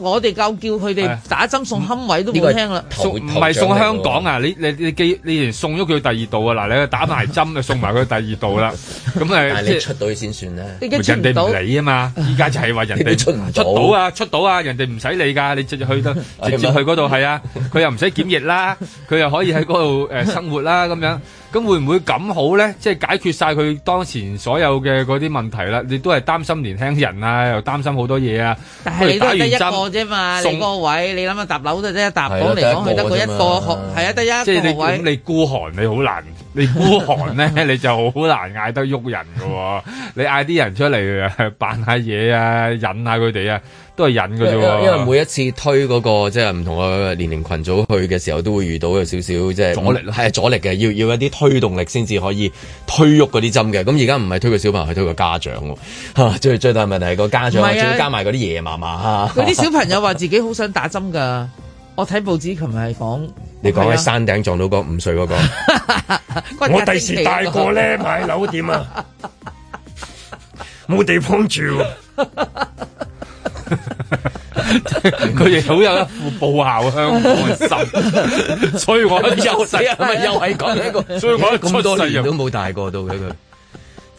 我。
我哋教叫佢哋打針送堪位都唔聽啦，唔係送，送香港
啊！啊你你你寄你連送咗佢第二度啊！嗱，你打埋針就 送埋佢第二度啦。咁、 但係、啊， 啊，啊，啊，你出到先算啦。人哋唔理啊嘛，依家就係話人哋出出到啊，出到啊，人哋唔使理㗎，你直接去到直接去嗰度係啊，佢又唔使檢疫啦、啊，佢又可以喺嗰度生活啦、啊、咁樣。咁會唔會咁好咧？即係解決晒佢當前所有嘅嗰啲問題啦！你都係擔心年輕人啊，又擔心好多嘢啊。但係你得係一個啫
嘛，個你個位，你諗下搭樓都得一搭，講
嚟講去得個一個，
係啊，得一個位。即係你，
你孤寒，你好難。 你孤寒咧，你就好難嗌得喐人噶喎。你嗌啲人出嚟扮下嘢啊，引下佢哋啊，都係引噶啫喎。因為每一次推嗰個即係唔同個年齡群
組去嘅時候，都會遇到有少少即係阻力，係阻力嘅，要要一啲推動力先至可以推喐嗰啲針嘅。咁而家唔係推個小朋友，去推個家長喎，啊。最最大問題係個家長，仲，啊，要加埋嗰啲爺爺嫲嫲啊。啲小
朋友話自己好想打針噶。 我睇報紙，琴日係講你講喺
山頂撞到歲，那個五歲嗰個，我第時大個咧，買樓點啊？
冇地方住、啊，佢 哋 好有一副報效香港嘅心 所是是、啊。所以我又細啊，又係講呢個，所以我咁多年都冇大過到佢。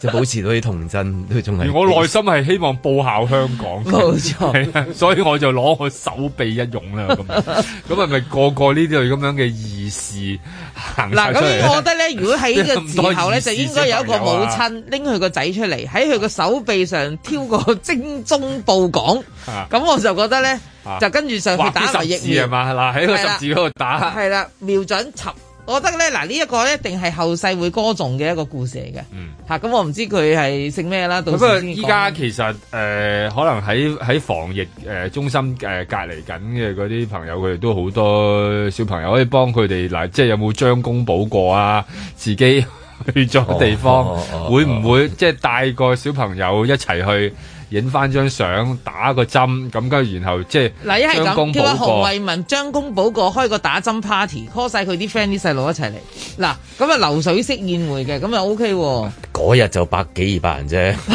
就保持
到啲童真，佢仲係我內
心係希望報效香港，冇錯， 所以我就攞我手臂一用啦。咁咁係咪個個呢啲咁樣嘅義士行出嚟？嗱，咁、啊、我覺得咧，
如果喺呢個時候咧， 就應該有一個母親拎佢個仔出嚟，喺佢個手臂上挑個精忠報港。咁、啊啊、我就覺得咧、啊，就跟住上去打、啊、十字係嘛，喺、啊、個十字嗰度打，係啦、啊，瞄準沉。我覺得咧，嗱呢一個咧，一定係後世會歌頌嘅一個故事嚟嘅。嗯，咁、啊嗯、我唔知佢係姓咩啦。不過依家其
實誒、呃，可能喺喺防疫誒、呃、中心誒、呃、隔離緊嘅嗰啲朋友，佢哋都好多小朋友可以幫佢哋嗱，即係有冇將功補過啊？自己去咗地方，哦哦哦、會唔會即係帶個小朋友一齊去？影翻張相打個針咁跟住然後即係嗱一係咁，叫洪慧
文張公寶個開個打針 party call 晒佢啲 friend 啲細路一齊嚟嗱咁啊流水式宴會嘅咁啊 OK
嗰日就百幾二百人啫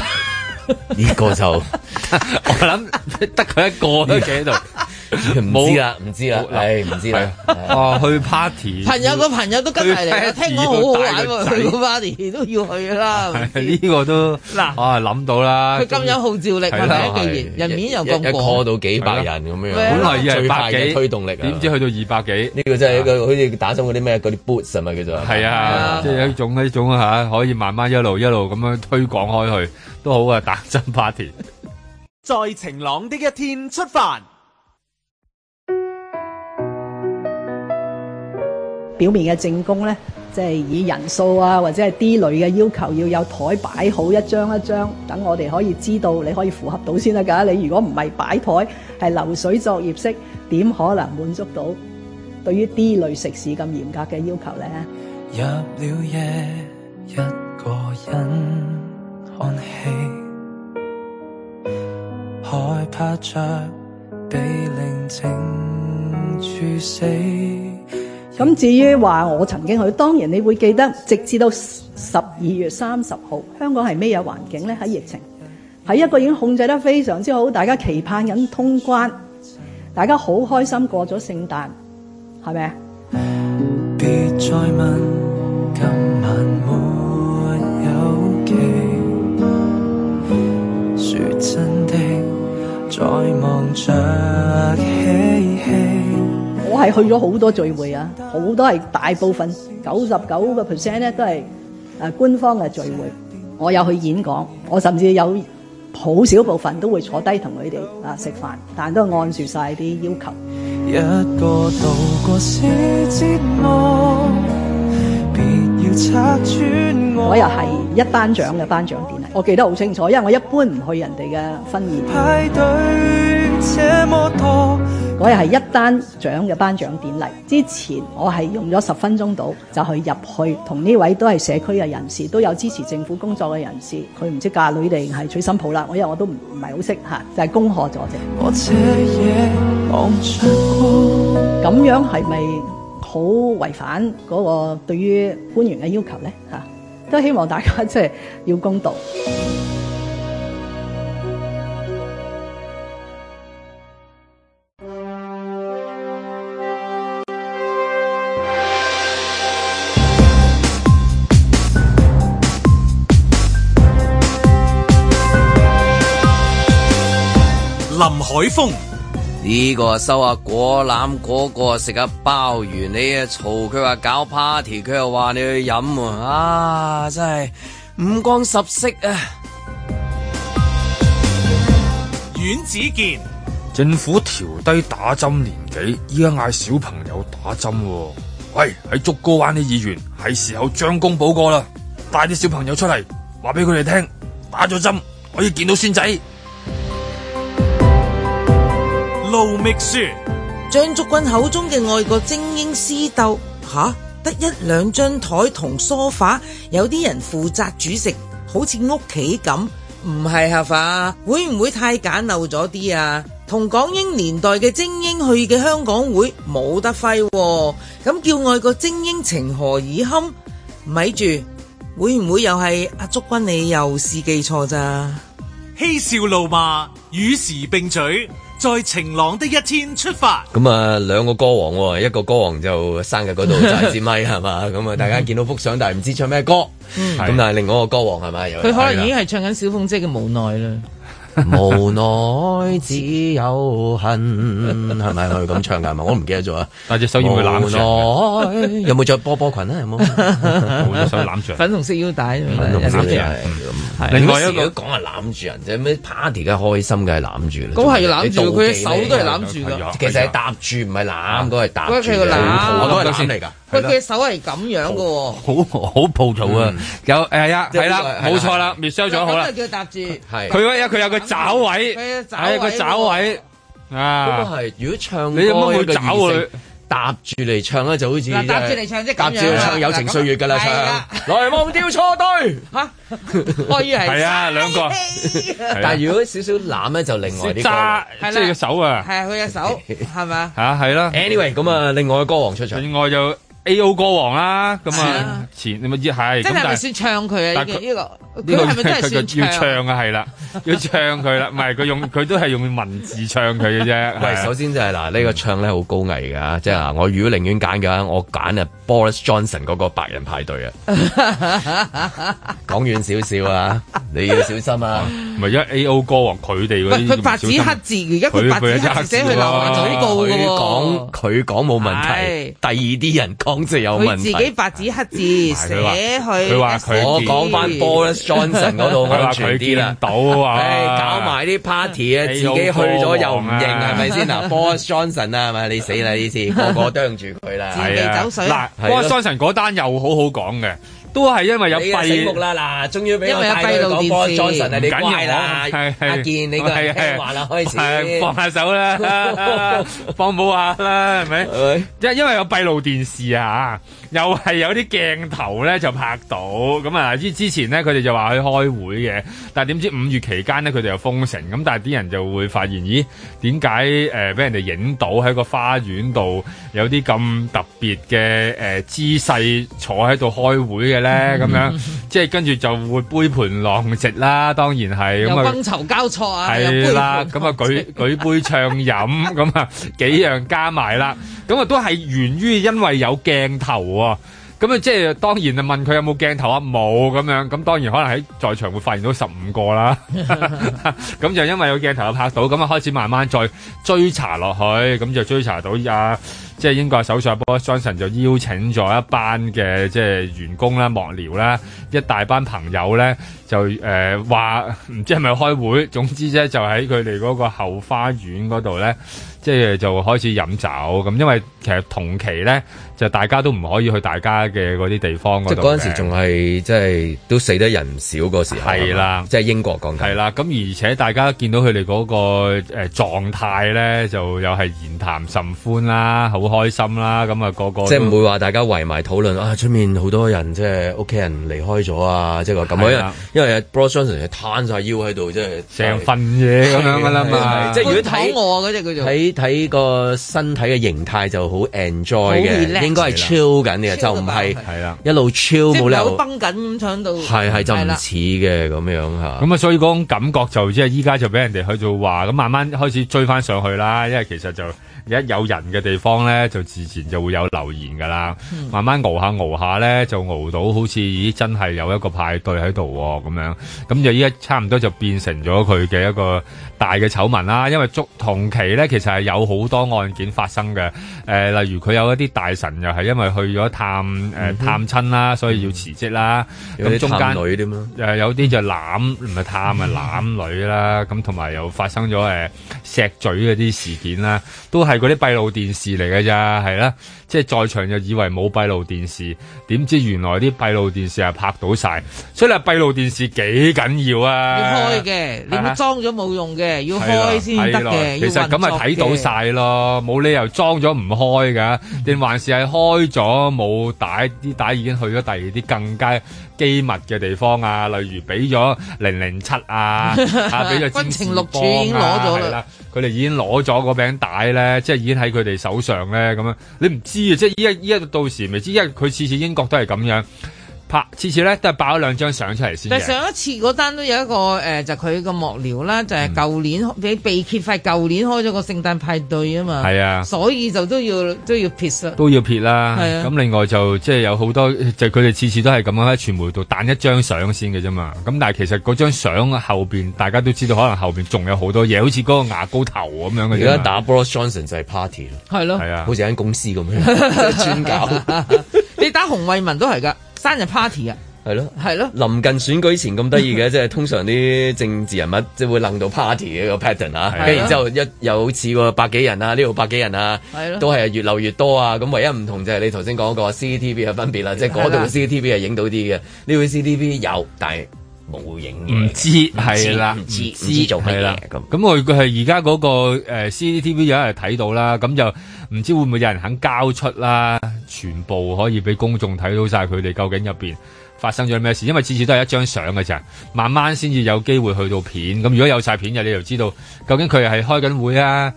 呢 個就我諗得佢一個都企喺度。 唔 知啦，唔知啦，唉，唔、哎、知啦。哦、
啊啊啊啊，去 party，朋友個
朋友都跟嚟嚟，聽講好好玩喎。個去個 party 都要去、啊啊
這個、都啦。呢個都嗱，我諗到啦。佢咁有
號召力啦，既然、啊啊啊啊、人面又咁廣，一 call 到幾
百人咁、啊、樣，本來係百幾推動力，點、啊、知去到二百幾？呢、這個真係一個好似、啊、打針嗰啲咩嗰啲 boost 啊嘛，boots, 叫做係啊，即係、啊啊啊就是、一種一種吓、啊，可以慢慢一路一路咁樣推廣開去，都好啊，打針 party。
在晴朗的一天出發。
表面嘅正工咧，即係以人數啊，或者係啲類嘅要求，要有台擺好一張一張，等我哋可以知道你可以符合到先得㗎，你如果唔係擺台，係流水作業式，點可能滿足到對於啲類食肆咁嚴格嘅要求咧？
入了夜，一個人看戲，害怕著被寧靜處死。
咁至於話我曾經去，當然你會記得，直至到十二月三十號，香港係咩嘢環境咧？喺疫情，喺一個已經控制得非常之好，大家期盼緊通關，大家好開心過咗聖誕，係咪啊？
別再問，今晚沒有
我係去咗好多聚會啊，好多係大部分九十九個 percent 咧，都係誒官方嘅聚會，我有去演講，我甚至有好少部分都會坐低同佢哋啊食飯，但都係按住晒啲要求。
一目
個個，要拆穿我又係一頒獎嘅頒獎典禮，我記得好清楚，因為我一般唔去人哋嘅婚宴派對。我又係一單獎嘅頒獎典禮，之前我係用咗十分鐘度就去入去，同呢位都係社區嘅人士，都有支持政府工作嘅人士，佢唔知嫁女定係娶新抱啦，我因為我都唔唔係好識吓，就係恭賀咗啫。咁樣係咪好違反嗰個對於官員嘅要求咧？吓，都希望大家即係要公道。
海風呢，這個收下果籃，嗰，那個食下鮑魚，你啊嘈佢話搞 party，佢又話你去飲啊！真係五光十色啊！
阮子健，
政府調低打針年紀，依家嗌小朋友打針，哦。喂，喺竹篙灣嘅議員，係時候將功補過啦，帶啲小朋友出嚟，話俾佢哋聽，打咗針可以見到孫仔。道密書
張竹君口中嘅外國精英私斗吓得一兩張台同梳化。有啲人負責煮食，好似屋企咁，唔係合法，會唔會太簡陋咗啲啊？同港英年代嘅精英去嘅香港會冇得揮，咁叫外國精英情何以堪？咪住，會唔會又係阿竹君你又試記錯咋？
嬉笑怒罵與時並舉。在晴朗的一天出發，
啊，咁啊兩個歌王，哦，一個歌王就生喺嗰度就係支咪係嘛，咁 啊大家見到幅相但係唔知唱咩歌，咁、 嗯、但係另外一個歌王係嘛，佢可能已經
係唱緊小鳳姐嘅無奈啦。
無 奈，只有恨，係咪佢咁唱噶？係咪我唔記得咗啊？大隻手要唔要攬住？無 有冇着波波裙啊？有冇？冇手攬住，粉紅色腰帶，攬住。另外一個講係攬住人，就係咩 party 嘅開心嘅係攬住。咁係攬住，佢嘅手都係攬住。其實係搭住，唔係攬，嗰係搭。佢嘅手都係攬嚟㗎。佢
嘅手係咁樣㗎喎。
好好蒲草啊！有誒啊，係啦，冇錯啦 m i l l 咗好啦。
叫搭住。
係。佢佢有個。找位，係個找位啊，都係
如果唱，你有冇去找佢搭住嚟唱咧，就好似搭住嚟唱即係搭住嚟唱《友情歲月》噶啦，唱來忘掉錯對嚇，可以係係啊，兩個，但係如果少少攬咧就另
外啲，揸即係個手啊，係
啊，佢隻手係咪，
吓係啦，anyway 咁啊，另外歌王出場，另外就。A.O. 歌王啦、啊，咁啊前你咪知係，咁但係
真係咪算唱佢啊？呢、這個，呢個，佢係咪真係唱
啊？係啦， 要唱佢啦、啊，唔係，佢用佢都係用文字唱佢嘅啫。喂，首先就係、是、嗱，呢、這個唱咧好高危㗎，即、就、係、是、我如
果寧願揀嘅話，我揀啊 Boris Johnson 嗰個白人派對 啊。講遠少少啊，你要小心啊。唔係因為 A.O. 歌王佢哋啲佢白紙黑
字，而家佢白紙黑字佢留埋做呢部嘅佢講
佢講冇問題，第二啲人講。講字有問題，佢自己
白紙黑字寫去。佢話佢，我
講翻 Boris Johnson 嗰度，佢話佢見到啊，搞埋啲 party 啊，自己去咗又唔認，係咪先啊？Boris Johnson 啊，係咪？你死啦呢次，個個啄住佢啦。自己走水嗱，Boris Johnson
嗰單又好好講嘅。都係因為有閉幕啦
嗱，俾我睇到講閉路電視，Johnson，唔緊要啦。阿健，你夠聽話啦，開始、啊啊啊啊。放下手啦， 啊、
放下啦，係咪、 啊？因因為有閉路電視啊！又係有啲鏡頭咧就拍到咁啊！之之前咧佢哋就話去開會嘅，但係點知五月期間咧佢哋又封城咁，但係啲人就會發現咦點解誒俾人哋影到喺個花園度有啲咁特別嘅誒姿勢坐喺度開會嘅咧？咁樣，即係跟住就會杯盤狼藉啦，當然係又觥
籌交錯啊，係啊，係啦，
咁啊舉舉杯暢飲咁啊幾樣加埋啦，咁啊都係源於因為有鏡頭啊！咁、哦、啊，即係當然啊，問佢有冇鏡頭啊，冇咁樣，咁當然可能喺在，在場會發現到十五個啦，咁 就因為有鏡頭就拍到，咁啊開始慢慢再追查落去，咁就追查到阿、啊、即係英國首相 Boris Johnson 就邀請咗一班嘅即係員工啦、幕僚啦、一大班朋友咧，就誒話唔知係咪開會，總之咧就喺佢哋嗰個後花園嗰度咧，即係就開始飲酒咁，因為其實同期咧。就大家都唔可以去大家嘅嗰啲地方，即係嗰陣時仲係即係都死得人少嗰時，係啦，即係英國講嘅。係啦，咁而且大家見到佢哋嗰個誒狀態咧，就又係言談甚歡啦，好開心啦，咁啊個個即係唔會話大家圍埋討論啊
出面好多人，即係屋企人離開咗啊，即係咁樣。因為因為 Boris Johnson 係攤曬腰喺度，即係成份嘢咁樣噶啦嘛，即係如果睇我嗰隻佢就睇睇個身體嘅形態就好 enjoy
嘅。應該係
超緊嘅，就唔係係啦，一路超冇力。即係、就是、有繃
緊咁唱到，係係就唔似
嘅咁樣吓。咁啊，所以嗰種感覺就即係依家就俾人哋去做話，咁慢慢開始追翻上去啦。因為其實就一有人嘅地方咧，就自然就會有留言噶啦，嗯。慢慢熬下熬下咧，就熬到好似咦真係有一個派對喺度咁樣。咁就依家差唔多就變成咗佢嘅一個大嘅醜聞啦，因為捉同期咧，其實係有好多案件發生嘅。誒，例如佢有一啲大臣又係因為去咗探誒探親啦，所以要辭職啦。咁、嗯、中間誒有啲就攬唔係探啊攬女啦，咁同埋又發生咗誒石咀嗰啲事件啦，都係嗰啲閉路電視嚟嘅咋，係啦。即、就、係、是、在場就以為冇閉路電視，點知原來啲閉路電視係拍到晒，所以話閉路電視幾緊要啊！開嘅，你唔裝
咗冇用嘅。要開先、啊啊、其實咁咪睇到
晒咯，冇理由裝咗唔開㗎。定還是係開咗冇帶啲帶已經去咗第二啲更加機密嘅地方啊，例如俾咗零零七啊， 啊俾咗、啊、 軍情六處已經攞咗啦，佢哋已經攞咗嗰餅帶咧，即係已經喺佢哋手上咧，咁樣你唔知啊，即係依家依家到時未知，因為佢次次英國都係咁樣。啊、次次咧都係爆咗兩張相出嚟先。但係上
一次嗰單都有一個誒、呃，就佢、是、個幕僚啦，就係、是、舊年俾、嗯、被，被揭發，舊年開咗個聖誕派對啊嘛。係啊，所以就都要都要撇啦。都
要撇啦。係啊。咁另外就即係、就是、有好多，就佢哋次次都係咁樣喺傳媒度彈一張相先嘅啫嘛。咁但係其實嗰張相後邊，大家都知道可能後邊仲有好多嘢，好似嗰個牙膏頭咁樣嘅。而家打 Boris Johnson 就係 party 咯，
係咯、啊，係啊，好
似喺公司咁樣
專搞。
你打洪為民都係噶。生日 party 啊，
係咯，係咯。臨近選舉前咁得意嘅，即 係通常啲政治人物即會諗到 party 嘅、一個、pattern 啊，跟住然之後又好似個百幾人啊，呢度百幾人啊，都係越漏越多啊。咁唯一唔同就係你頭先講嗰 CCTV 嘅分別啦，即係嗰度 CCTV 係影到啲嘅，呢度 CCTV、呢個、有，但係。冇
影，唔知係啦，唔知知，知，知做乜嘢咁。咁我佢係而家嗰個 CCTV 有人睇到啦，咁就唔知會唔會有人肯交出啦，全部可以俾公眾睇到晒，佢哋究竟入面發生咗咩事。因為次次都係一張相嘅咋，慢慢先至有機會去到片。咁如果有晒片嘅，你就知道究竟佢係開緊會啊。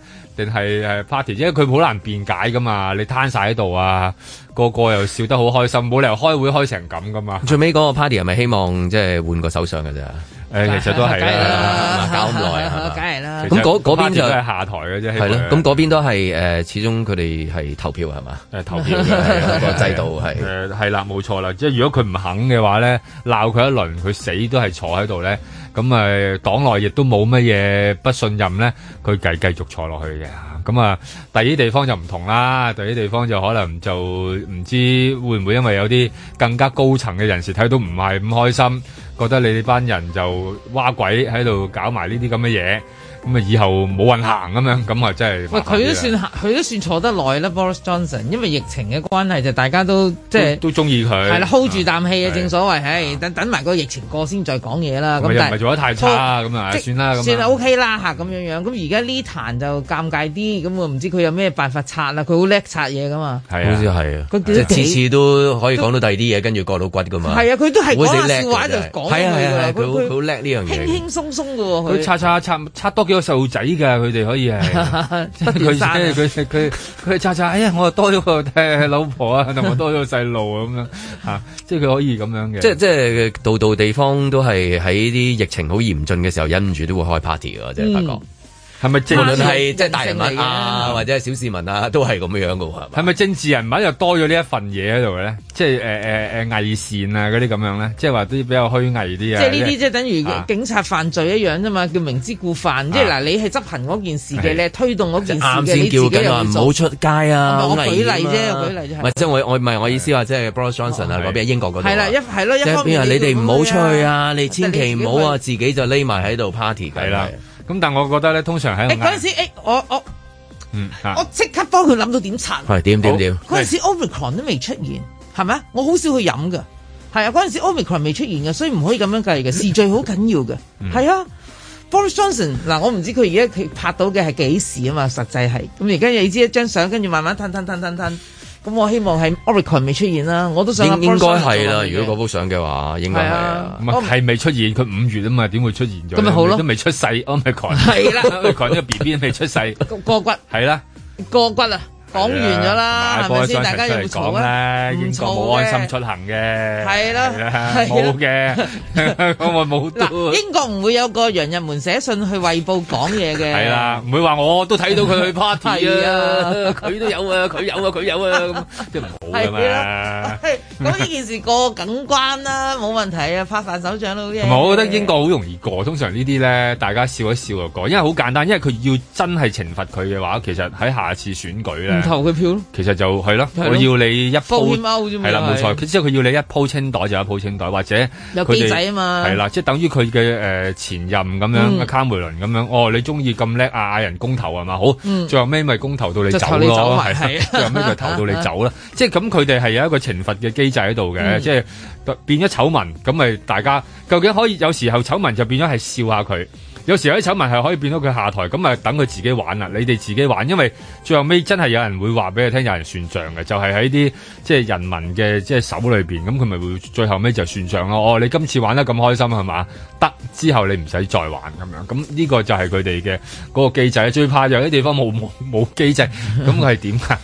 定係誒 party，因為佢好難辯解噶嘛，你攤晒喺度啊，個個又笑得好開心，冇理由開會開成咁噶嘛。最尾嗰個 party 係咪希望即係換個首相㗎啫？誒、啊，其實都係啦，
搞唔耐梗係啦。咁嗰嗰邊就係下台
㗎啫。係咯，咁嗰邊都係誒、啊，始終佢哋係投票係嘛、啊？投票嘅個、 啊 啊、制度係誒係啦，冇、啊、錯啦。即係如果佢唔肯嘅話咧，鬧佢一輪，佢死都係坐喺度咧。咁誒，黨內亦都冇乜嘢不信任呢，佢繼繼續坐落去嘅。咁啊，第二地方就唔同啦，第二地方就可能就唔知會唔會因為有啲更加高層嘅人士睇到唔係咁開心，覺得你哋班人就挖鬼喺度搞埋呢啲咁嘅嘢。咁啊，以後冇運行咁樣，咁啊，真係佢都算
佢都算坐得耐啦，Boris Johnson，因為疫情嘅關係就大家都即係
都中意佢，係啦，hold
住啖氣啊，正所謂，啊、等等埋個疫情過先再講嘢啦。咁、啊、又唔係做得太差，咁啊，算啦、OK，咁算係 OK 啦，嚇咁樣樣。咁而家呢壇就尷尬啲，咁啊，唔知佢有咩辦法拆啦？佢好叻拆嘢噶嘛。
好
似係啊。佢次次都可以講到第二啲嘢，跟住過到骨噶嘛。係啊，佢都係講話
就講佢噶
啦。佢佢好叻呢樣嘢，輕輕
鬆鬆噶喎、啊。佢拆
拆拆拆多。叫個細路仔噶，佢哋可以係，即係佢，佢佢佢佢詐詐，哎呀，我又多咗個老婆個弟弟啊，同我多咗個細路咁樣，吓，即係佢可以咁樣嘅。即係即係，度度
地方都係喺啲疫情好嚴峻嘅時候，忍住都會開 party 嘅，即係發覺、嗯。
係咪無論係即係大人物啊，或者係小市民啊，都係咁樣樣噶？係咪政治人物又多咗呢一份嘢喺度嘅咧？即係誒誒誒，偽、呃呃、善啊嗰啲咁樣咧？即係話啲比較虛偽啲啊？即係呢啲即係等於警
察犯罪一樣啫嘛、啊？叫明知故犯，啊、即係嗱，你係執行嗰件事嘅咧，係你係推動嗰件事啱先叫緊啊，唔好
出街啊！我舉例啫，我舉
例啫。
唔係即係我我唔係我意思話即係 Boris Johnson 啊嗰邊英國嗰度係啦
一係咯一。邊啊你哋唔好出去啊！
你千祈唔好啊！自己就匿埋喺度 party 係啦。咁但係我覺得咧，通常喺我嗰陣時，
欸、我我，嗯，
啊、我
即刻幫佢諗到點查，係點點點。嗰、嗯、陣、嗯、時 Omicron 都未出現，係咪啊？我好少去飲噶，係啊。嗰陣時 Omicron 未出現嘅，所以唔可以咁樣計嘅、 嗯，時序好緊要嘅。係啊，Boris Johnson 嗱、嗯，我唔知佢而家佢拍到嘅係幾時啊嘛，實際係。咁而家你知一張相，跟住慢慢吞吞吞吞。褪。咁我希望係 Ori 坤未出現啦，我都想。應該係啦，如果嗰
幅相嘅話，應該係啊，唔係係未出現，佢、嗯、五月啊嘛，點會出現咗？咁咪好咯，都未出世，Ori 坤。係啦，Ori 坤呢個 B B 未出世， 過骨。係啦，
過骨啊。講完咗啦，係咪先？大家唔講咧，
英國冇安心出行嘅。係啦，冇嘅，咁我冇。英
國唔會有個洋人門寫信去衛報講嘢嘅。係啦，
唔會話我都睇到佢去 party 啊，佢都有啊，佢有啊，佢有啊，咁即係唔好嘅嘛。咁
呢件事過緊關啦，冇問題啊，拍晒手掌咯，好嘢。唔係，我覺得英
國好容易過，通常呢啲咧，大家笑一笑就過，因為好簡單，因為佢要真係懲罰佢嘅話，其實喺下次選舉咧。投佢票咯，其實就係咯，我要你一鋪，係啦冇錯，佢之後佢要你一鋪清袋就是，一鋪清袋，或者有機制啊嘛，係啦，即、就、係、是、等於佢嘅誒前任咁樣嘅、嗯、卡梅倫咁樣，哦，你中意咁叻啊嗌人公投係嘛？好，嗯、最後尾咪公投到你走咯，係係，最後尾就投到你走啦，即係咁佢哋係有一個懲罰嘅機制喺度嘅，即、嗯、係、就是、變咗醜聞，咁咪大家究竟可以有時候醜聞就變咗係笑下佢。有時有啲醜聞係可以變到佢下台，咁咪等佢自己玩啦。你哋自己玩，因為最後尾真係有人會話俾佢聽，有人算賬嘅，就係喺啲即係人民嘅即係手裏邊。咁佢咪會最後尾就算賬咯。哦，你今次玩得咁開心係嘛？得之後你唔使再玩咁樣，咁呢個就係佢哋嘅嗰個機制。最怕有啲地方冇冇冇機制，咁佢係點㗎？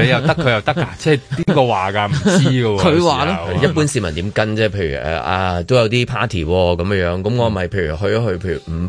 你又得佢又得㗎， 即係邊個話㗎？唔知喎。佢話咧，一般市民點跟啫？譬如啊，都有
啲 party 咁、啊、嘅樣，咁我咪譬如去一去，譬如五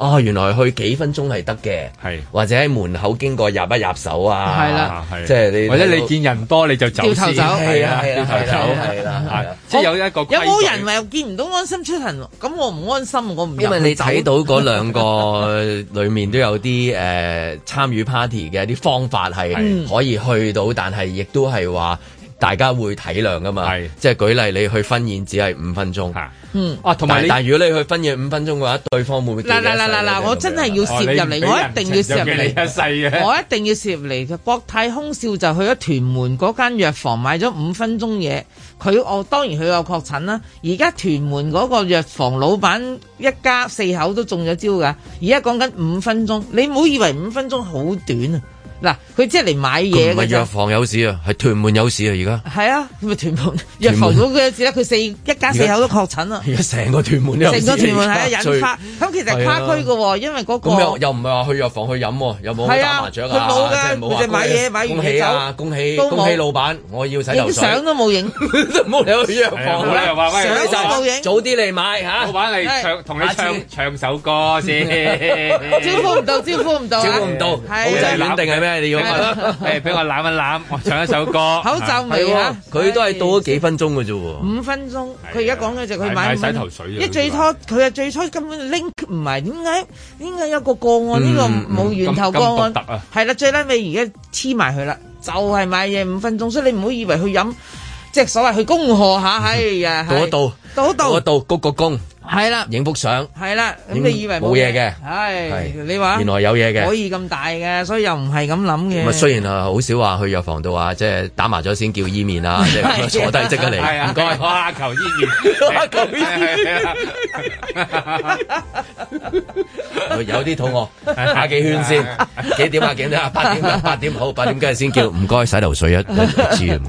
哦，原來去幾分鐘係得嘅，或者喺門口經過入一入手啊，係啦，即係你，或者你見人多你就走走，係啊，走走係啦，係啦，即係有一個有冇人
話又見唔到安心出行，咁我唔安心，我唔因為你睇到嗰兩
個裡面都有啲誒、呃、參與 party 嘅一啲方法係可以去到，嗯、但係亦都係話大家會體諒噶嘛？即係舉例，你去婚宴只係五分鐘。嗯，哇、
啊！同埋，但係
如果你去婚宴五分鐘嘅話，對方會唔會？嗱嗱
嗱嗱嗱！我真
係要攝入嚟、哦，我一定要攝入嚟。我一定要攝入嚟嘅。 國泰空少就去咗屯門嗰間藥房買咗五分鐘嘢，佢我當然佢有確診啦、啊。而家屯門嗰個藥房老闆一家四口都中咗招㗎。而家講緊五分鐘，你唔好以為五分鐘好短啊！嗱，佢即係嚟買嘢㗎。唔係藥
房有事啊，係屯門有事啊，而家。
係啊，咁咪屯
門藥房
佢有事咧，佢四一家四口都確診啦、
啊。而家成個屯門都成、啊、個屯門係一、啊、引發，
咁其實跨區嘅喎、啊啊，因為嗰、嗰個
又唔係話去藥房去飲喎、啊，又冇打麻雀啊，即係冇買嘢、啊、買酒恭喜、啊、恭喜恭喜老闆，我要洗頭。影相都冇影，
冇 嚟去藥房、啊，冇理由冇影，早啲嚟買、啊、老闆嚟唱，同、啊、你唱唱首歌先。 招
呼唔到，招呼唔到、啊、 到，招呼唔到，好仔
定係咩？係你用咪得？誒，俾我攬一攬，我唱一首歌。口罩未？佢都係到
咗幾分鐘嘅啫。五
分鐘，佢而家講咗就佢買五分。洗頭水，一最初佢啊最初根本 link 唔埋，點解？點解一個個案呢個冇源頭個案？係啦，最屘尾而家黐埋佢啦，就係買嘢五分鐘，所以你唔好以為佢飲，即係所謂去恭賀下。哎呀，到
到到到，鞠個躬。係啦，影幅相
係啦，咁你以為冇嘢嘅？係、哎、你話原來有嘢嘅，可以咁大嘅，所以又唔
係咁諗嘅。雖然啊，好少話去藥房度啊，即係打麻雀先叫醫麵啦，即係坐低即刻嚟。唔該，
求醫麵， 求
醫意 有啲肚餓，打幾圈先？幾點啊？幾點啊？八點八、啊、點好，八點幾先叫？唔該，洗頭水啊，唔知啊，唔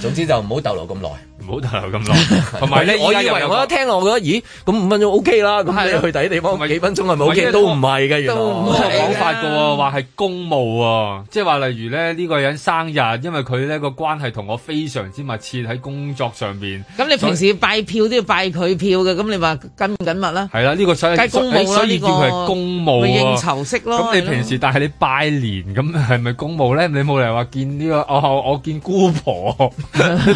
總之就唔好逗留咁耐。唔好停留咁耐，同埋咧， 我以為我一聽我覺得，咦？
咁五分鐘 OK 啦，咁你去第啲地方唔係幾分鐘係咪 OK 都唔係嘅，都唔好講法嘅喎，話係公務喎，即係話例如咧呢個人生日，因為佢咧個關係同我非常之密切喺工作上面。咁你平時
拜票都要拜佢票嘅，咁你話緊唔緊密啦？
係啦，呢個所以所以叫佢係公務應酬式咯。咁你平時但係你拜年咁係咪公務咧？你冇理由話見呢個，我見見姑婆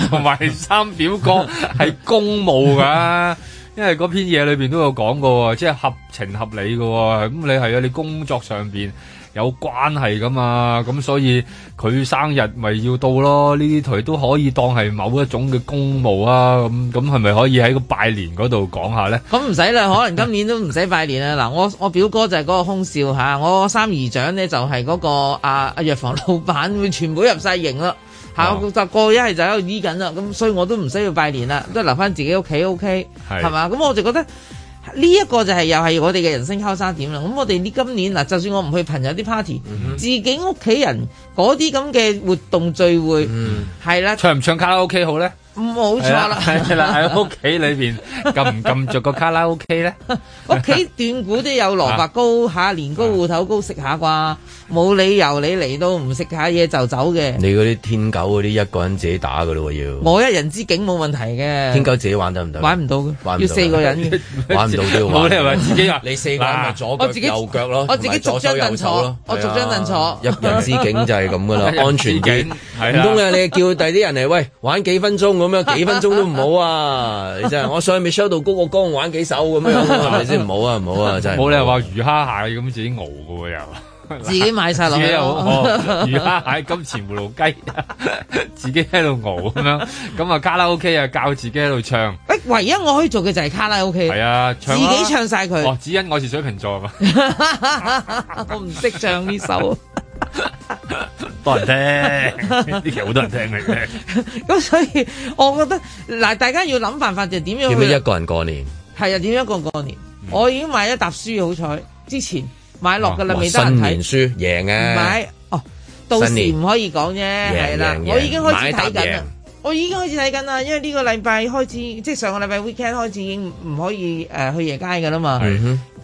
同埋三。表哥係公務噶，因為嗰篇嘢裏邊都有講過，即係合情合理嘅。咁你係啊，你工作上邊有關係噶嘛？咁所以佢生日咪要到咯。呢啲佢都可以當係某一種嘅公務啊。咁咁係咪可以喺個拜年嗰度講下咧？咁唔使啦，可能今年都唔使拜年啦。嗱，我我表哥就係嗰個空少吓，我三
姨丈咧就係嗰個阿阿藥房老闆，會全部入曬營咯。吓、啊，就、啊、個一係就喺度醫緊啦，咁所以我都唔需要拜年啦，都係留翻自己屋企 OK，係嘛？咁我就覺得呢一、個就係又係我哋嘅人生交叉點啦。咁我哋呢今年嗱，就算我唔去朋友啲 party，嗯、自己屋企人嗰啲咁嘅活動聚會，係、嗯、
啦，唱唔唱卡拉 OK 好咧？冇錯啦，係啦，喺屋企裏邊撳唔撳着個卡拉 OK 咧？
屋企斷估都有蘿蔔糕下年糕芋頭糕食下啩，冇理由你嚟到唔食下嘢就走嘅。
你嗰啲天狗嗰啲，一個人自己打噶咯要。我一人之境冇問題嘅。天狗自己玩得唔得？玩唔到嘅，要四個人嘅。 玩唔到都要玩。冇 理由自己啊， 你四個人咪左腳右腳咯，我自己逐張凳坐，我逐張凳坐。啊、 一人之境就係咁噶啦， 安全啲景。
唔通啊？你
叫第啲人嚟喂玩幾分鐘？咁樣幾分鐘都唔好啊！
你真係，我
上去未 show 到高個歌，玩幾首咁樣，係咪先？唔
好啊，唔、啊、好啊，真、啊、係。冇你又話魚蝦蟹咁自己熬嘅喎又，
自己買晒落去。自己哦、 魚蝦
蟹、金錢葫蘆雞， 自己喺度熬咁樣。咁啊，卡拉 OK 啊，教自己喺度唱
唯。唯一我可以做嘅就係
卡拉 OK、啊。係啊，自己唱晒佢。哦，只因我是水瓶座啊嘛。
我唔識 唱呢首。
多人聽呢期好多人聽
嘅，
咁 所以我覺得嗱，大家要諗辦法，就點樣去？點樣
一個人過年？
係啊，點樣一個人過年、嗯？我已經買一沓書，好彩之前買落噶啦，未得人睇。新年
書贏嘅。贏啊、買哦，到時唔
可以講啫，係啦。我已經開始睇緊啦，我已經開始睇緊啦，因為呢個禮拜開始，即係上個禮拜 weekend 開始已經唔可以誒、呃、去夜街噶啦嘛。嗯哼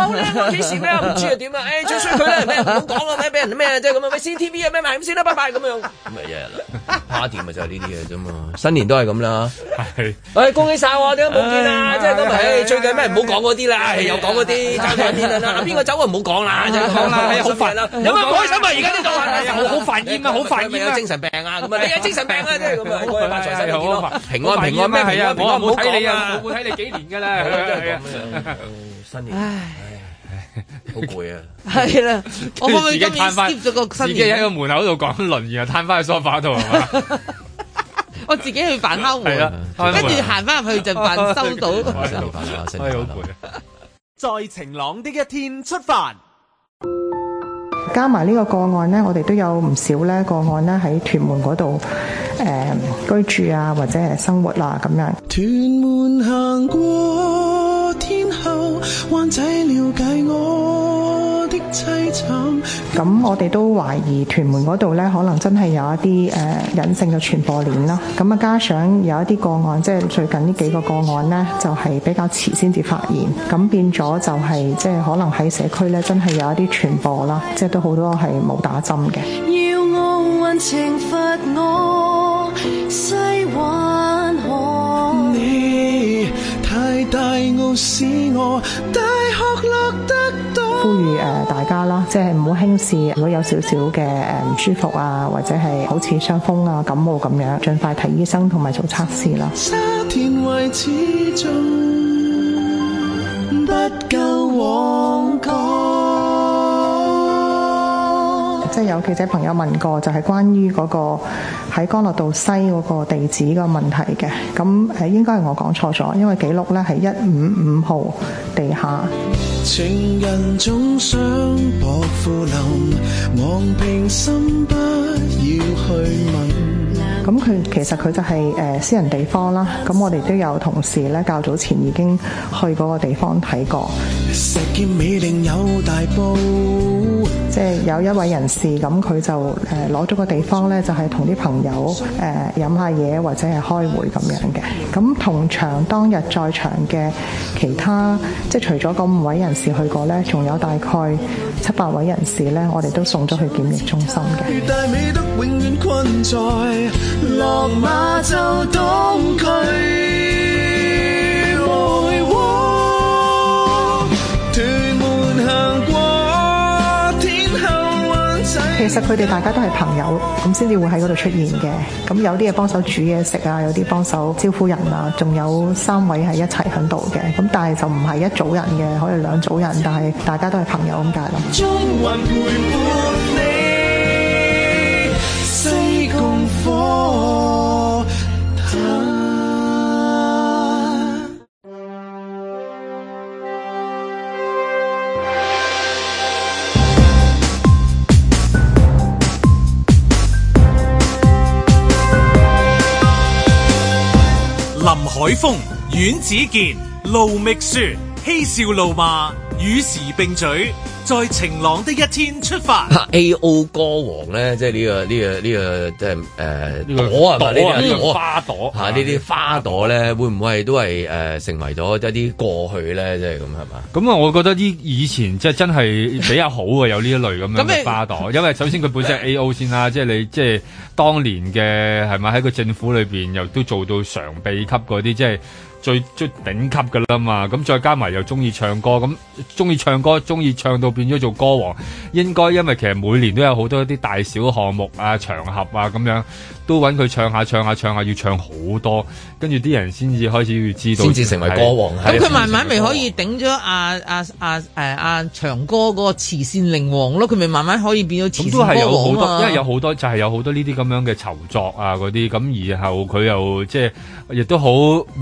好咧，幾時咩啊？唔知啊點啊！誒，最衰佢咧咩？唔好講啦，咩俾人咩啫咁啊？咩 C T V 啊咩？係咁先啦，拜拜咁樣。咁咪一日啦，party 咪就係呢啲嘢啫嘛。新年都係咁啦。係。誒，恭喜晒我點樣冇見啊！即係咁，誒，最近咩唔好講嗰啲啦，又講嗰啲爭上天啦。嗱，邊個走啊？唔好講啦。好啦，好煩啦。有咩開心啊？而家呢度。好煩厭啊！好
煩厭啊！精神病啊！咁啊，你有精神病啊？即係咁啊！好啊，好啊。好。平安平安啦，係啊！平
安，唔好睇你啊！唔好睇你幾年噶啦，係啊。
新年唉，唉，好攰啊，係啦、嗯，我可可今日新嘅喺個門口度講輪完，又攤翻喺梳化度，係 嘛
是的， 我自己去扮敲
門，係啦，跟住
行翻入去就扮 收到。啊走去收到啊啊 啊、哎，好攰、啊。在晴朗一點的一天出發，
加埋呢個個案呢，我哋都有唔少咧個，個案咧喺屯門嗰度誒居住啊，或者係生活啦、啊、咁樣。屯門行過仔了，咁我哋都懷疑屯門嗰度呢，可能真係有一啲誒隱性嘅傳播鏈啦。咁啊，加上有一啲個案，即係最近呢幾個個案呢，就係比較遲先至發現，咁變咗就係即係可能喺社區呢，真係有一啲傳播啦。即係都好多係冇打針嘅。要我，
懷懷罰我。
我大學落得呼籲誒大家啦，即係唔好輕視，如果有少少嘅誒唔舒服啊，或者係好似傷風啊、感冒咁樣，盡快睇醫生同埋做測試啦。即係有記者朋友問過，就係關於嗰個喺幹諾道西嗰個地址個問題嘅。咁誒應該係我講錯咗，因為記錄咧係一五五號地下。情人總想薄扶林平心不要去問咁佢其實、就是，佢就係誒私人地方啦。咁我哋都有同事咧較早前已經去嗰個地方睇過即係有、就是、有一位人士，咁佢就誒攞咗個地方咧，就係同啲朋友誒飲、呃、下嘢或者係開會咁樣嘅。咁同場當日在場嘅其他即係、就是、除咗嗰五位人士去過咧，仲有大概七八位人士咧，我哋都送咗去檢疫中心
嘅。落馬洲東
區屯門行過天后，其實佢哋大家都係朋友，咁先至會喺嗰度出現嘅。咁有啲係幫手煮嘢食啊，有啲幫手招呼人啊，仲有三位係一齊喺度嘅。咁但係就唔係一組人嘅，可以兩組人，但係大家都係朋友咁解咯。
林海峰、阮子健、盧覓雪、嬉笑怒罵。與時並舉，在晴朗的一天出發。
A O 歌王咧，即係呢個呢個呢個，即係誒，朵係呢花朵吓，呢、啊、啲花朵咧，會唔
會係都係誒、呃，成為咗一啲過去
咧？即係咁係嘛？
咁啊，我覺得啲以前即係真係比較好嘅， 有呢一類咁樣嘅花朵。 因為首先佢本身係 A O 先啦， 即係你即係當年嘅係咪？喺個政府裏邊又都做到常備級嗰啲，即係。最最頂級㗎啦嘛，咁再加埋又中意唱歌，咁中意唱歌，中意唱到變咗做歌王，應該因為其實每年都有好多啲大小項目啊、場合啊咁樣，都揾佢唱下、啊、唱下、啊、唱下、啊，要唱好多，跟住啲人先至開始要知道，先至成為歌王。咁佢慢慢咪可
以頂咗阿阿阿誒阿長哥嗰個慈善靈王咯，佢咪慢慢可以變咗慈善歌王咯，都係有好多，因為有
好多、啊、就係、就係、有好多呢啲咁樣嘅籌作啊嗰啲，咁然後佢又即係。亦都好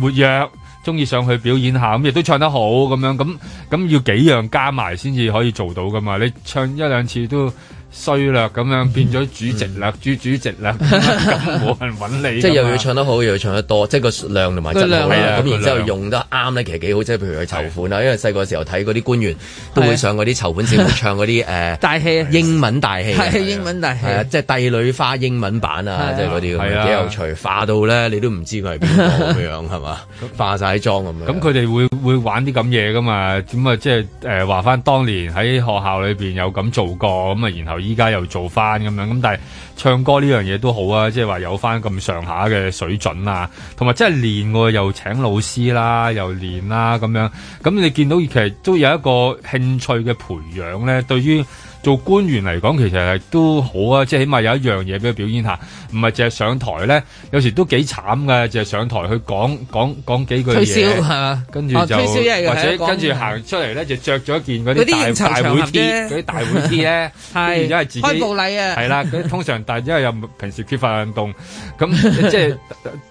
活躍，鍾意上去表演下，咁亦都唱得好咁樣，咁咁要幾樣加埋先至可以做到㗎嘛？你唱一兩次都。衰啦咁樣變咗主席啦、嗯嗯，主主席啦，咁冇人揾你。即係又要唱得好，又要唱得多，即係個量同埋質,質,、啊質,啊、質
量。咁然之後用得啱咧，其實幾好。即係譬如去籌款啊，因為細個時候睇嗰啲官員都會上嗰啲籌款節目，唱嗰啲誒大戲英文大戲，
英文大戲，即係《就
是、帝女花》
英文版啊，即係嗰啲咁樣幾有趣。化到咧你都唔知佢係邊個咁樣係嘛？化晒啲妝咁樣。咁佢哋會會玩啲咁嘢噶嘛？咁啊即係誒話翻當年喺學校裏邊有咁做過，咁啊然後。依家又做翻咁樣咁，但係唱歌呢樣嘢都好啊，即係話有翻咁上下嘅水準啊，同埋即係練喎，又請老師啦，又練啦咁樣，咁你見到其實都有一個興趣嘅培養呢對於。做官員嚟講，其實係都好啊，即係起碼有一樣嘢俾佢表演下，唔係淨係上台咧，有時都幾慘嘅，淨係上台去講講講幾句嘢，係嘛？跟住就或者跟住行出嚟咧，就著咗件嗰啲大會 T，嗰啲大會 T 咧，係因為自己開步禮啊，係啦，通常但係因為又平時缺乏運動，咁即係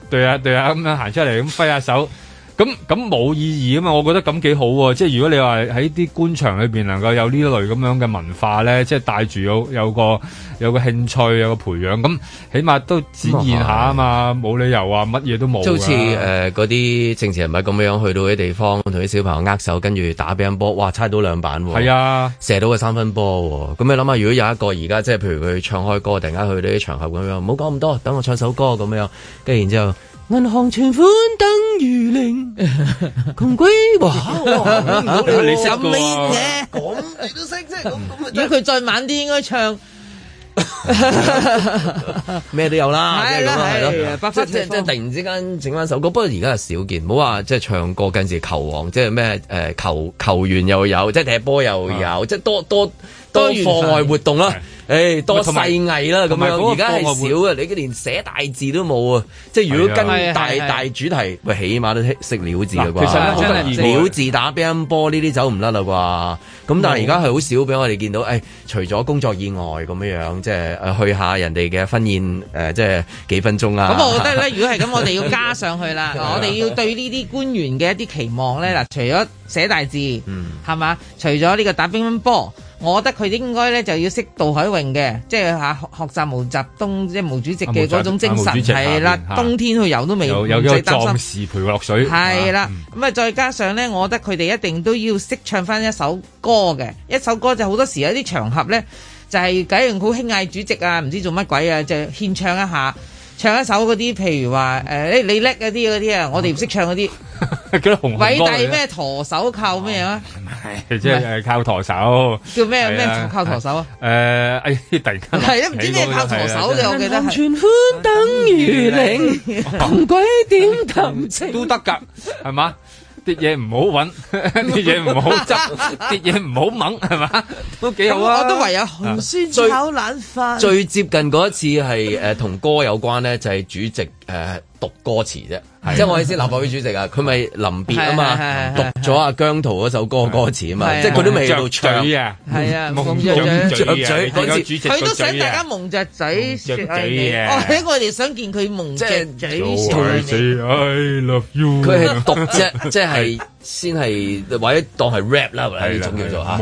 對啊對啊咁樣行出嚟，咁揮下手。咁咁冇意義啊嘛！我覺得咁幾好喎、啊，即係如果你話喺啲官場裏邊能夠有呢類咁樣嘅文化咧，即係帶住有有個有個興趣，有個培養，咁起碼都展現下啊嘛，冇理由話乜嘢都冇。即好似誒嗰啲
政治人物咁樣去到啲地方，同啲小朋友握手，跟住打乒乓波，哇，猜到兩板喎、啊，係啊，射到個三分波喎、啊，咁你諗下，如果有一個而家即係譬如佢唱開歌，突然間去呢啲場合咁樣，唔好講咁多，等我唱首歌咁樣，跟住然之後。銀行存款等如
零，窮鬼。咁、哦哦啊啊啊、你嘅講你都識啫，咁、嗯、咁。如果佢再晚啲，應該唱
咩都有啦。係咯係咯，突發即即係突然之間整翻首歌，不過而家係少見。唔好話即係唱歌，近時球王即係咩誒球球員又有，即、就、係、是、踢波又有，即、啊、係、就是、多多多課外活動啦。誒，多細藝啦咁樣，而家係少啊，你連寫大字都冇啊！即係如果跟大、啊啊、大，大主題，喂起碼都識識鳥字嘅啩。其實鳥字打乒乓波呢啲走唔甩啦啩。咁、啊、但係而家係好少俾我哋見到。誒、哎，除咗工作以外咁樣樣，即係去下人哋嘅婚宴，誒，即係幾分鐘啦。咁我覺得咧，如
果係咁，我哋要加上去啦。 我哋要對呢啲官員嘅一啲期望咧，嗱、啊，除咗寫大字，嗯，係嘛，除咗呢個打乒乓波。我覺得佢哋應該咧就要識渡海泳嘅，即、就、係、是、學習毛澤東即係、就是、毛主席嘅嗰種精神係啦、啊啊啊啊。冬天去遊都未，有啲壯士
陪落水係啦。
咁啊、嗯，再加上咧，我覺得佢哋一定都要識唱翻一首歌嘅。一首歌就好多時有啲場合咧，就係假如好慶慰主席啊，唔知做乜鬼啊，就獻唱一下。唱一首嗰啲，譬如話誒、呃，你叻嗰啲嗰啲啊，我哋唔識唱嗰啲。
叫、哦、紅偉大咩
舵手靠咩啊？
係即係靠舵手。叫咩咩、啊、靠舵手啊？誒、哎哎，哎，突然間。係啊，唔知咩靠舵手嘅、啊就是，我記得。全串歡燈如影，紅、啊、鬼點都得噶，係嘛？啲嘢唔好揾，啲嘢唔好執，啲嘢唔好掹，係 嘛？都幾好啊！嗯、我都唯有紅燒
炒冷飯。最、最
接近嗰一次係
同、呃、歌有關咧，就係、係、主席誒、呃、讀歌詞啫。 即係我意思，立法會主席啊，佢咪臨別啊嘛，是是是是是讀咗阿姜濤嗰首歌是是是是歌詞啊嘛，是是是是即係佢都未去到唱啊，係啊，
夢著嘴啊，佢、啊啊啊啊啊都，啊、都想大家
夢著嘴，著啊哦、我哋想見佢夢著嘴
說愛你，佢係
讀啫，即係 先係或者當係 rap 啦，或者呢種叫做吓、啊、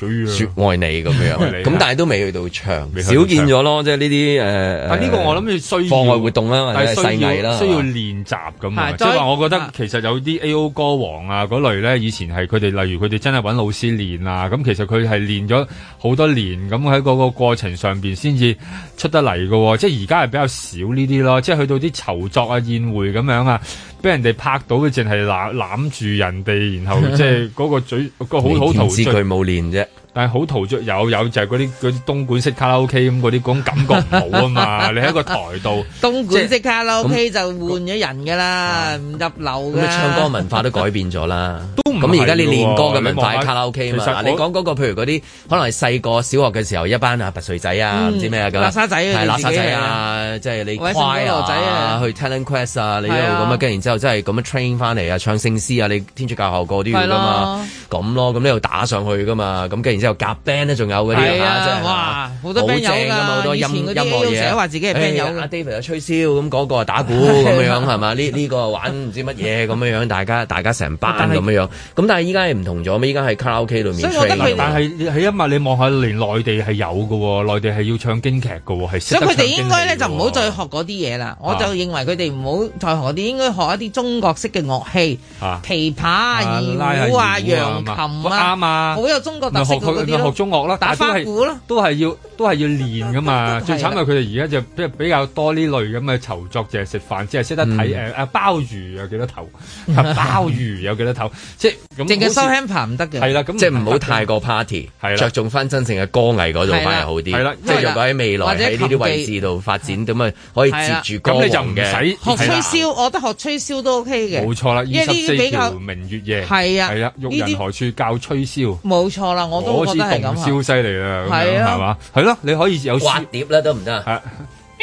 夢、啊、說愛你咁樣，咁 但係都未去，去到唱，少見咗咯，即係呢啲誒，呢個我
諗要需要課外活動啦，或者係需啦。需要練習。咁即係話我覺得其實有啲 A.O. 歌王啊嗰類咧，以前係佢哋，例如佢哋真係揾老師練啊，咁其實佢係練咗好多年，咁喺嗰個過程上邊先至出得嚟噶。即係而家係比較少呢啲咯，即係去到啲籌作啊宴會咁樣啊，俾人哋拍到嘅淨係攬攬住人哋，然後即係嗰個嘴 個好好陶醉。你先知佢冇練啫。係好陶醉，有有就係嗰啲嗰啲東莞式卡拉 OK 咁嗰啲，嗰種感覺唔好啊嘛！ 你喺個台度，
東
莞式卡拉 OK 就換咗人㗎啦，唔入流啦。唱歌
文化都改變咗啦，都唔同，咁而家你練歌嘅文化睇睇，係卡拉 OK。你講嗰、嗰個，譬如嗰啲可能係細個小學嘅時候，一班啊拔萃仔啊，唔、嗯、知咩咁。垃圾仔啊，垃圾仔啊，即係、啊就係、你乖啊，啊，去 talent quest 啊，啊你一度咁啊，跟住然之後即係咁樣 train 翻嚟啊，唱聖詩啊，你天主教學過啲㗎嘛，咁、啊、咯，咁咧又打上去㗎嘛，咁跟然之又夾 band 咧，仲有嗰啲真係哇！好多 band 友好多音音樂嘢。成日話自己係 band 友、哎。啊、David 吹簫，咁、那、嗰個打鼓咁 樣，係嘛？呢、這、呢個玩唔知乜嘢咁樣
大家大家成班咁樣、啊、樣。咁但係依家係唔同咗，依家係卡拉 OK 裏面所以，我覺得，但係起因為你望下連內地係有㗎喎，內地係要唱京劇㗎喎，係。所以佢哋應該咧
就唔好再學嗰啲嘢啦。我就認為佢哋唔好再學啲，啊、我學我應該學一啲中國式嘅樂器，琵琶、二胡啊、揚琴啊，好有中國特色。要學，學中樂
啦但係，都係要都係要練噶嘛。最慘係佢哋而家就即比較多呢類咁嘅籌作，就係食飯，即係識得睇誒誒鮑魚有幾多頭，鮑魚有幾多頭，即係淨係收 hand 牌唔得嘅。係啦，咁即係唔好太過 party，
係着重翻真正嘅歌藝嗰度反而好啲。係啦，即係如果喺未來喺呢啲位置度發展，
咁咪可以接住歌王嘅？咁你就唔使學吹簫，
我覺得學吹簫都 OK 嘅。冇
錯啦，二十四橋明月夜係啊，係啊，玉人何處教吹簫？
冇錯啦，我都。好
似咁，超犀利啊！係啊，係嘛，係咯，你可以有刮碟啦，得唔得啊？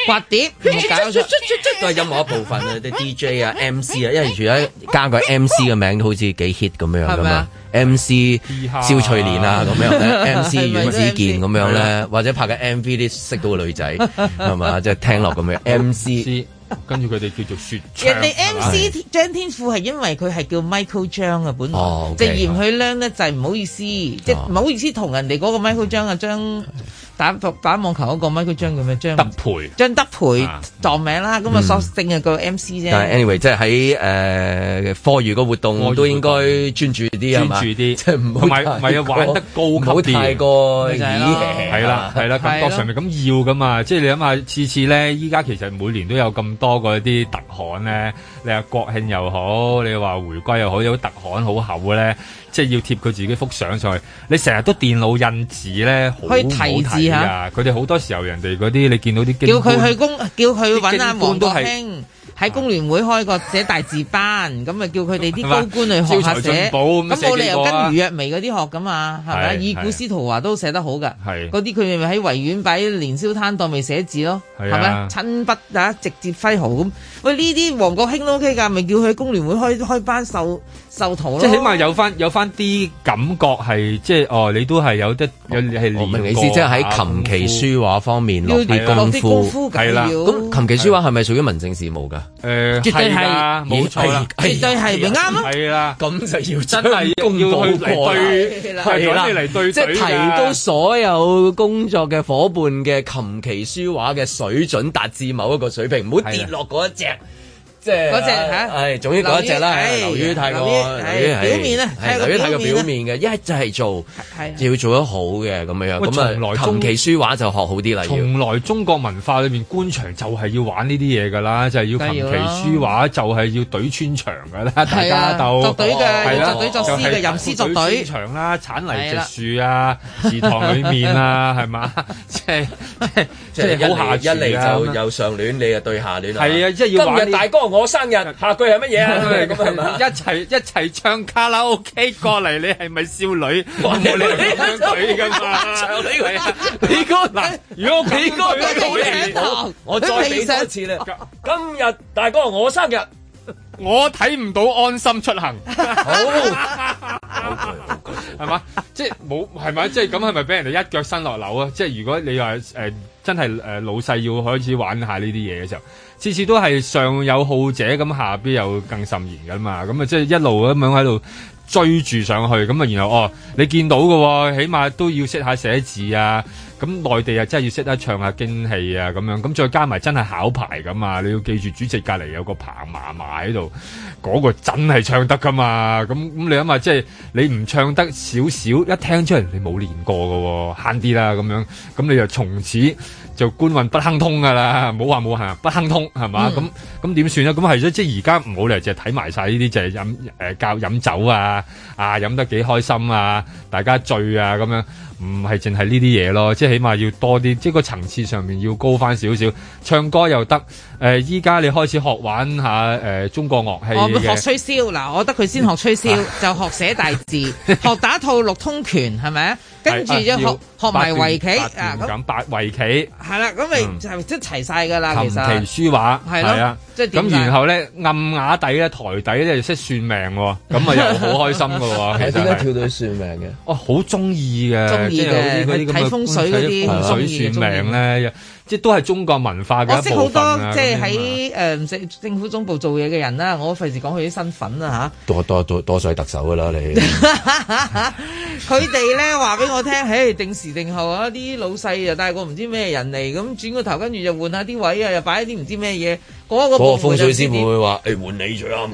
刮碟，我 搞嗰 都係音樂一部分 DJ, MC, MC，啊，啲 DJ 啊、 MC 啊止，因為而家加個 MC 嘅名都好似幾 hit 咁樣噶呢嘛。MC 肖翠蓮啊，咁樣 MC 阮子健咁樣咧，或者拍嘅 MV 啲識到個女仔，係 嘛，即係聽
落咁樣。 MC 跟住佢哋叫做雪人哋 MC
張天賦係因為佢係叫 Michael 張啊，
本來
直、oh, okay. 嫌
佢靚 o 就得滯，唔好意思，即係唔好意思同人哋嗰個 Michael 張、oh. 啊張。打打網球嗰個咪？佢張佢咩張？德培張德培撞、啊、名啦，咁啊索性啊個 MC 啫。
Anyway，即係喺誒課
餘嘅活動，活動都應該專注啲啊，專專注啲，即係唔好唔係啊！玩得高級啲，唔過耳。係啦係啦，感覺上面咁要噶嘛？即係你諗下，次次咧，依家其實每年都有咁多嗰啲特刊咧。你話國慶又好，你話回歸又好，有特刊好厚咧，即係要貼佢自己幅相上去。你成日都電腦印字呢，可以睇字咧，好睇字啊！佢哋好多時候人哋嗰啲，你見到啲叫佢去
公，
叫佢揾阿王國興，喺工聯會開個寫大字班，咁 咪叫佢哋啲高官嚟學下寫。咁冇理由跟余若薇嗰啲學噶嘛，係咪啊？以古司徒華都寫得好噶，嗰啲佢咪咪喺維園擺年宵攤檔嚟寫字咯，係咪親筆啊是是，直接揮毫咁。喂，呢啲王國興都 OK 噶，咪叫佢喺工聯會開開班授授徒咯。即、就、係、是、起碼
有翻有翻啲感覺，係即係哦，你都係有得有係練過。即係喺琴棋書畫方面落啲功夫。咁、啊
啊、琴棋書畫係咪屬於民政事務噶？誒、嗯，絕對係冇錯，絕對係唔啱係啦，咁就要真係要去對，係啦嚟對對啊，即係、提高所有工作嘅伙伴嘅琴棋書畫嘅水準，達至某一個水平，唔好跌落嗰一隻。即係嗰隻嚇，係、那個啊啊、總之嗰一隻啦，流於睇過表面啦、啊，太過表面嘅、啊、一就係做、啊，要做得
好嘅咁啊，咁啊，琴棋書畫就學好啲啦。從來中國文化裏面官場就係要玩呢啲嘢㗎啦，就係、是、要琴棋書畫就係要對穿牆㗎啦，大家就，作對嘅，作對作詩嘅，吟詩作對牆啦，剷泥直樹啊，祠堂裏面啊，係嘛？即係即係即係一嚟就有
上聯，你又對下聯。係啊，即係要玩。大
哥。我生日，下句係乜嘢啊？一齊一齊唱卡拉 OK 過嚟，你係咪少女？我冇你咁樣對噶嘛？你佢、 啊，你嗱，如果幾句都好嘅，我再俾多一次咧。 今日大哥我生日，我睇唔到安心出行， 好係嘛？ okay, okay, okay, okay. 是嗎？ 即係冇，係咪？即係咁係咪俾人哋一腳伸落樓啊？即係如果你話誒、呃、真係誒、呃、老細要開始玩下呢啲嘢嘅時候，次次都係上有好者咁，下邊又更甚然㗎嘛。咁、嗯、啊即係一路咁樣喺度追住上去咁啊。然後哦，你見到嘅喎、哦，起碼都要識下寫字啊。咁內地就啊，真係要識得唱下京戲啊，咁樣咁再加埋真係考牌㗎嘛！你要記住主席隔離有個彭麻麻喺度，嗰、嗰個真係唱得㗎嘛！咁咁你諗下，即、就、係、是、你唔唱得少少，一聽出嚟你冇練過㗎喎，慳啲啦咁樣，咁你就從此。就官運不亨通噶啦。冇話冇行，不亨通係嘛？咁咁點算咧？咁、嗯、係即係而家唔好嚟，淨係睇埋晒呢啲，就係飲誒教飲酒啊，啊飲得幾開心啊，大家醉啊咁樣，唔係淨係呢啲嘢咯，即係起碼要多啲，即係個層次上面要高翻少少，唱歌又得。誒、呃，依家，你開始學玩下誒、呃、中國樂器嘅、哦，學吹
簫嗱，我覺得佢先學吹簫、啊，就學寫大字， 學打套六通拳係咪？跟住要學學埋圍棋，咁八圍棋係啦，咁咪、啊啊嗯、就即係齊晒噶啦。其實琴棋
書畫係咯，即係咁然後咧暗啞底咧台底咧就識算命、哦，咁啊又好開心噶、啊、 其實點解跳到算命嘅？哦、啊，我就是、好中意嘅，中意嘅睇風水嗰啲，中意算命咧。即都係中國文化嘅一部分，啊、我識好多即
喺誒政政府總部做嘢嘅人啦，我費事講佢啲身份啦，啊、嚇。
多多多多數係特首㗎喇你。
佢哋咧話俾我聽，誒、哎、定時定候啊，啲老細又帶個唔知咩人嚟，咁轉個頭跟住又換下啲位啊，又擺啲唔知咩嘢。嗰個風水師傅會
話：誒換你張，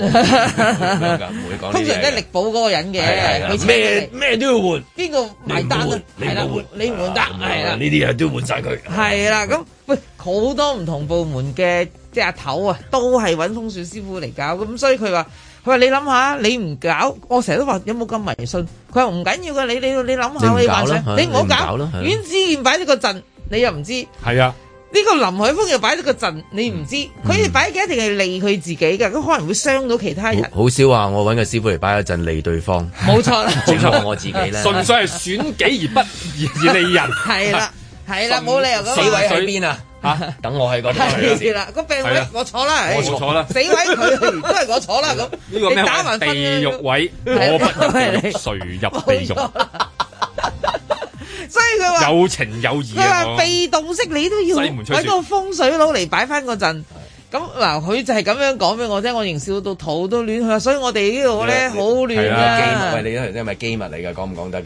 通常都係力
保嗰個人嘅，咩咩都要換。邊個埋單？你唔換，你
唔換得係啦。呢啲嘢都換曬佢。係
啦，咁喂好多唔同部門嘅即係阿頭啊，都係揾風水師傅嚟搞。咁所以佢話：佢話你諗下，你唔搞，我成日都話有冇咁迷信？佢話唔緊要㗎，你你你諗下你幻想，你唔搞，袁子健擺呢個陣，你又唔知。係啊。呢、這個林海峰又擺咗個陣，嗯、你唔知佢哋擺嘅一定係利佢自己嘅，咁可能會傷到其他人。
好少話，我揾個師傅嚟擺一陣利對方。冇錯啦，折磨我自己啦。純粹
係損己而不
而利人。係、啊、啦，
係啦，冇理由個死位喺邊
啊？嚇、啊，等我係個位啦。
係啦，個病位我坐啦，我坐啦，死位佢 都係我坐啦。咁
呢、這個咩？地獄位我不入，誰入地獄？
所以佢話有
情有義，佢話被
動式你都要揾個風水佬嚟擺翻陣。咁嗱，佢就係咁樣講俾我聽，我仍笑到肚都亂去，所以我哋呢度咧好亂啦。機密，喂，你
係咪機密嚟㗎？講唔講得㗎？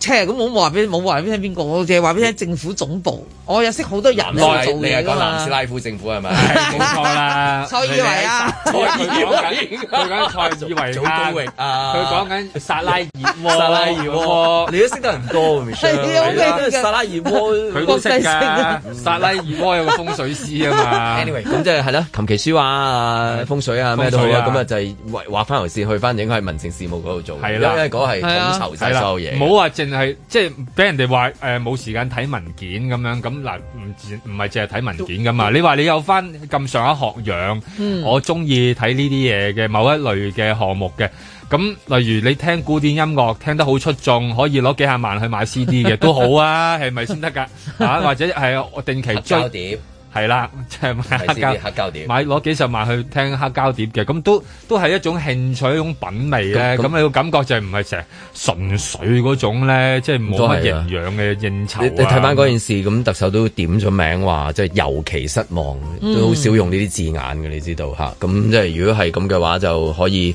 車咁冇冇話俾冇話俾聽邊個？我淨係話俾聽政府總部，我又識好多人來做嘢㗎嘛。你係講南斯拉
夫政府係咪？冇錯啦。 蔡意維啊，蔡意維，佢講緊蔡意維啊，佢講
緊薩拉熱窩。薩拉熱窩，你都識得人多㗎嘅薩拉熱窩，佢都識㗎。薩拉熱窩有個風水師啊嘛。Anyway，咁即
係。 為 為 以以以以啦，琴棋書畫啊，風水啊，咩都好啦，咁啊就係畫翻樓市，去
翻應該係民政事務嗰度做，因為嗰係統籌細數嘢。唔好話淨係即係俾人哋話誒冇時間睇文件咁樣，咁嗱唔唔係淨係睇文件噶嘛？你話你有翻咁上下學養，我中意睇呢啲嘢嘅某一類嘅項目嘅，咁例如你聽古典音樂聽得好出眾，可以攞幾廿萬去買 CD 嘅都好啊，係咪先得噶？吓或者係我定期追碟。係啦，即係買黑膠，買攞幾十萬去聽黑膠碟嘅，咁都都係一種興趣，一種品味咧。咁啊，你感覺就唔係成純粹嗰種咧，即係冇乜營養嘅應酬啊。你睇翻嗰件
事，咁特首都點咗名話，即係尤其失望，都好少用呢啲字眼嘅，你知道吓？咁即係如果係咁嘅話，就可以。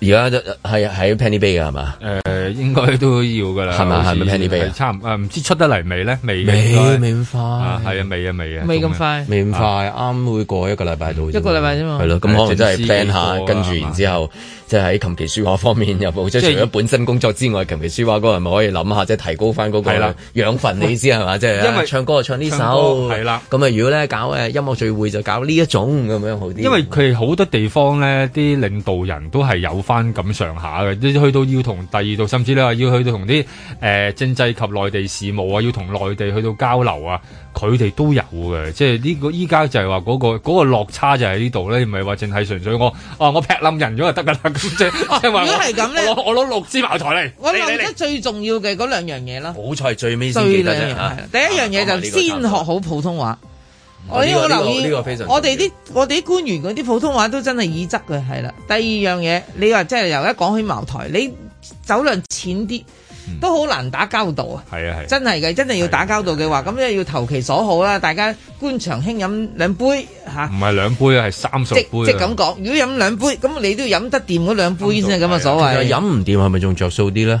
而家都係喺 Penny Bay 嘅係嘛？誒、呃、應該都要㗎啦，係咪？係咪 Penny Bay？差唔多、誒唔知道出得嚟未咧？未未咁快，係啊，啊，未啊，未啊，未
咁快，未咁快，啱、啊、會過一個禮拜到，一個禮拜啫嘛，係、啊、咯，咁、嗯嗯嗯、可能真係 plan 下，跟住然之後。即係喺琴棋書畫方面又步，即除咗本身工作之外，琴棋書畫嗰個咪可以諗下，即係提高翻嗰個養分你。你意思係嘛？即係因為，就係啊，唱歌就唱呢首，係啦。咁啊，如果咧搞誒音樂聚
會，就搞呢一種咁樣好啲。因為佢好多地方咧，啲領導人都係有翻咁上下嘅，去到要同第二度，甚至你話要去到同啲誒政制及內地事務啊，要同內地去到交流啊。佢哋都有嘅，即係呢，這個依家就係話嗰個嗰，那個落差就喺呢度咧，唔係話淨係純粹我啊我劈冧人咗就得噶啦，即 係如果係咁咧，我我攞六支茅台嚟
我諗得最重要嘅嗰兩樣嘢啦。好
在
最尾先記得啊！第一
樣嘢，啊，就先學好普通話，
啊，我呢，這個，這個，留意，這個
這個，非常重要，我哋啲我哋啲官員嗰啲普通話都真係耳則嘅，係啦。第二樣嘢，你話即係由一講起茅台，你酒量淺啲。都好難打交道啊！係啊係，真係嘅，真係要打交道嘅話，咁咧要投其所好啦。大家官場輕飲兩杯吓，
唔係兩杯啊，係三十杯。即即咁
講，如果飲兩杯，咁你都要飲得掂嗰兩杯先啊，咁嘅所,所謂。飲
唔掂係咪仲着數啲咧？是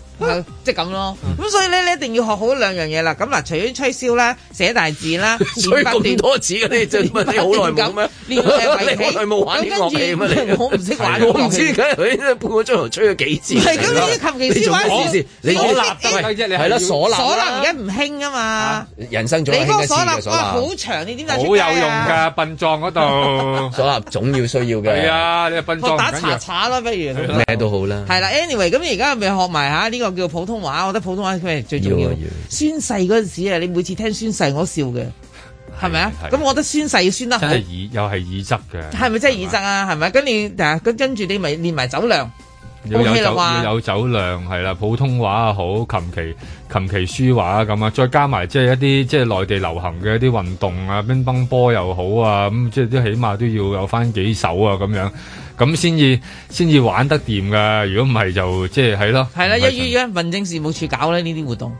係即係咁咯，咁所以咧，你一定要學好兩樣嘢啦。咁嗱，除咗吹簫啦，寫大字
啦，吹咁多字嘅你，最近你好耐冇咩？連我好耐冇玩啲樂器乜嚟？我唔識玩，我唔知。咁佢半個鐘頭吹咗幾次？係咁，呢啲琴技先。你仲玩先？你嗩吶係咯，嗩吶而
家唔興啊嘛。
人生最興嘅字啊，嗩吶好
長，你點打？好有用
噶，殯葬嗰度。嗩吶總要需要嘅。係啊，
你殯葬。學打茶茶
咯，不如咩都好啦。係啦，anyway，咁而家咪學埋吓呢個。叫普通話，我覺得普通話係最重要。嘅、啊啊、宣誓嗰陣時啊，你每次聽宣誓我笑嘅，係咪啊？咁、嗯、我覺得宣誓要宣得，真係耳
又係耳側嘅，係
咪真係耳側啊？係咪？跟住啊，跟住跟住你咪練埋酒量。
要有酒，okay，要有酒量係啦，普通話啊好，琴棋琴棋書畫咁啊，再加埋即係一啲即係內地流行嘅一啲運動啊，乒乓波又好啊，咁即係都起碼都要有翻幾手啊咁樣，咁先至先至玩得掂噶，如果唔係就即係係咯。係啦，一於一
民政事務處搞咧呢啲活動。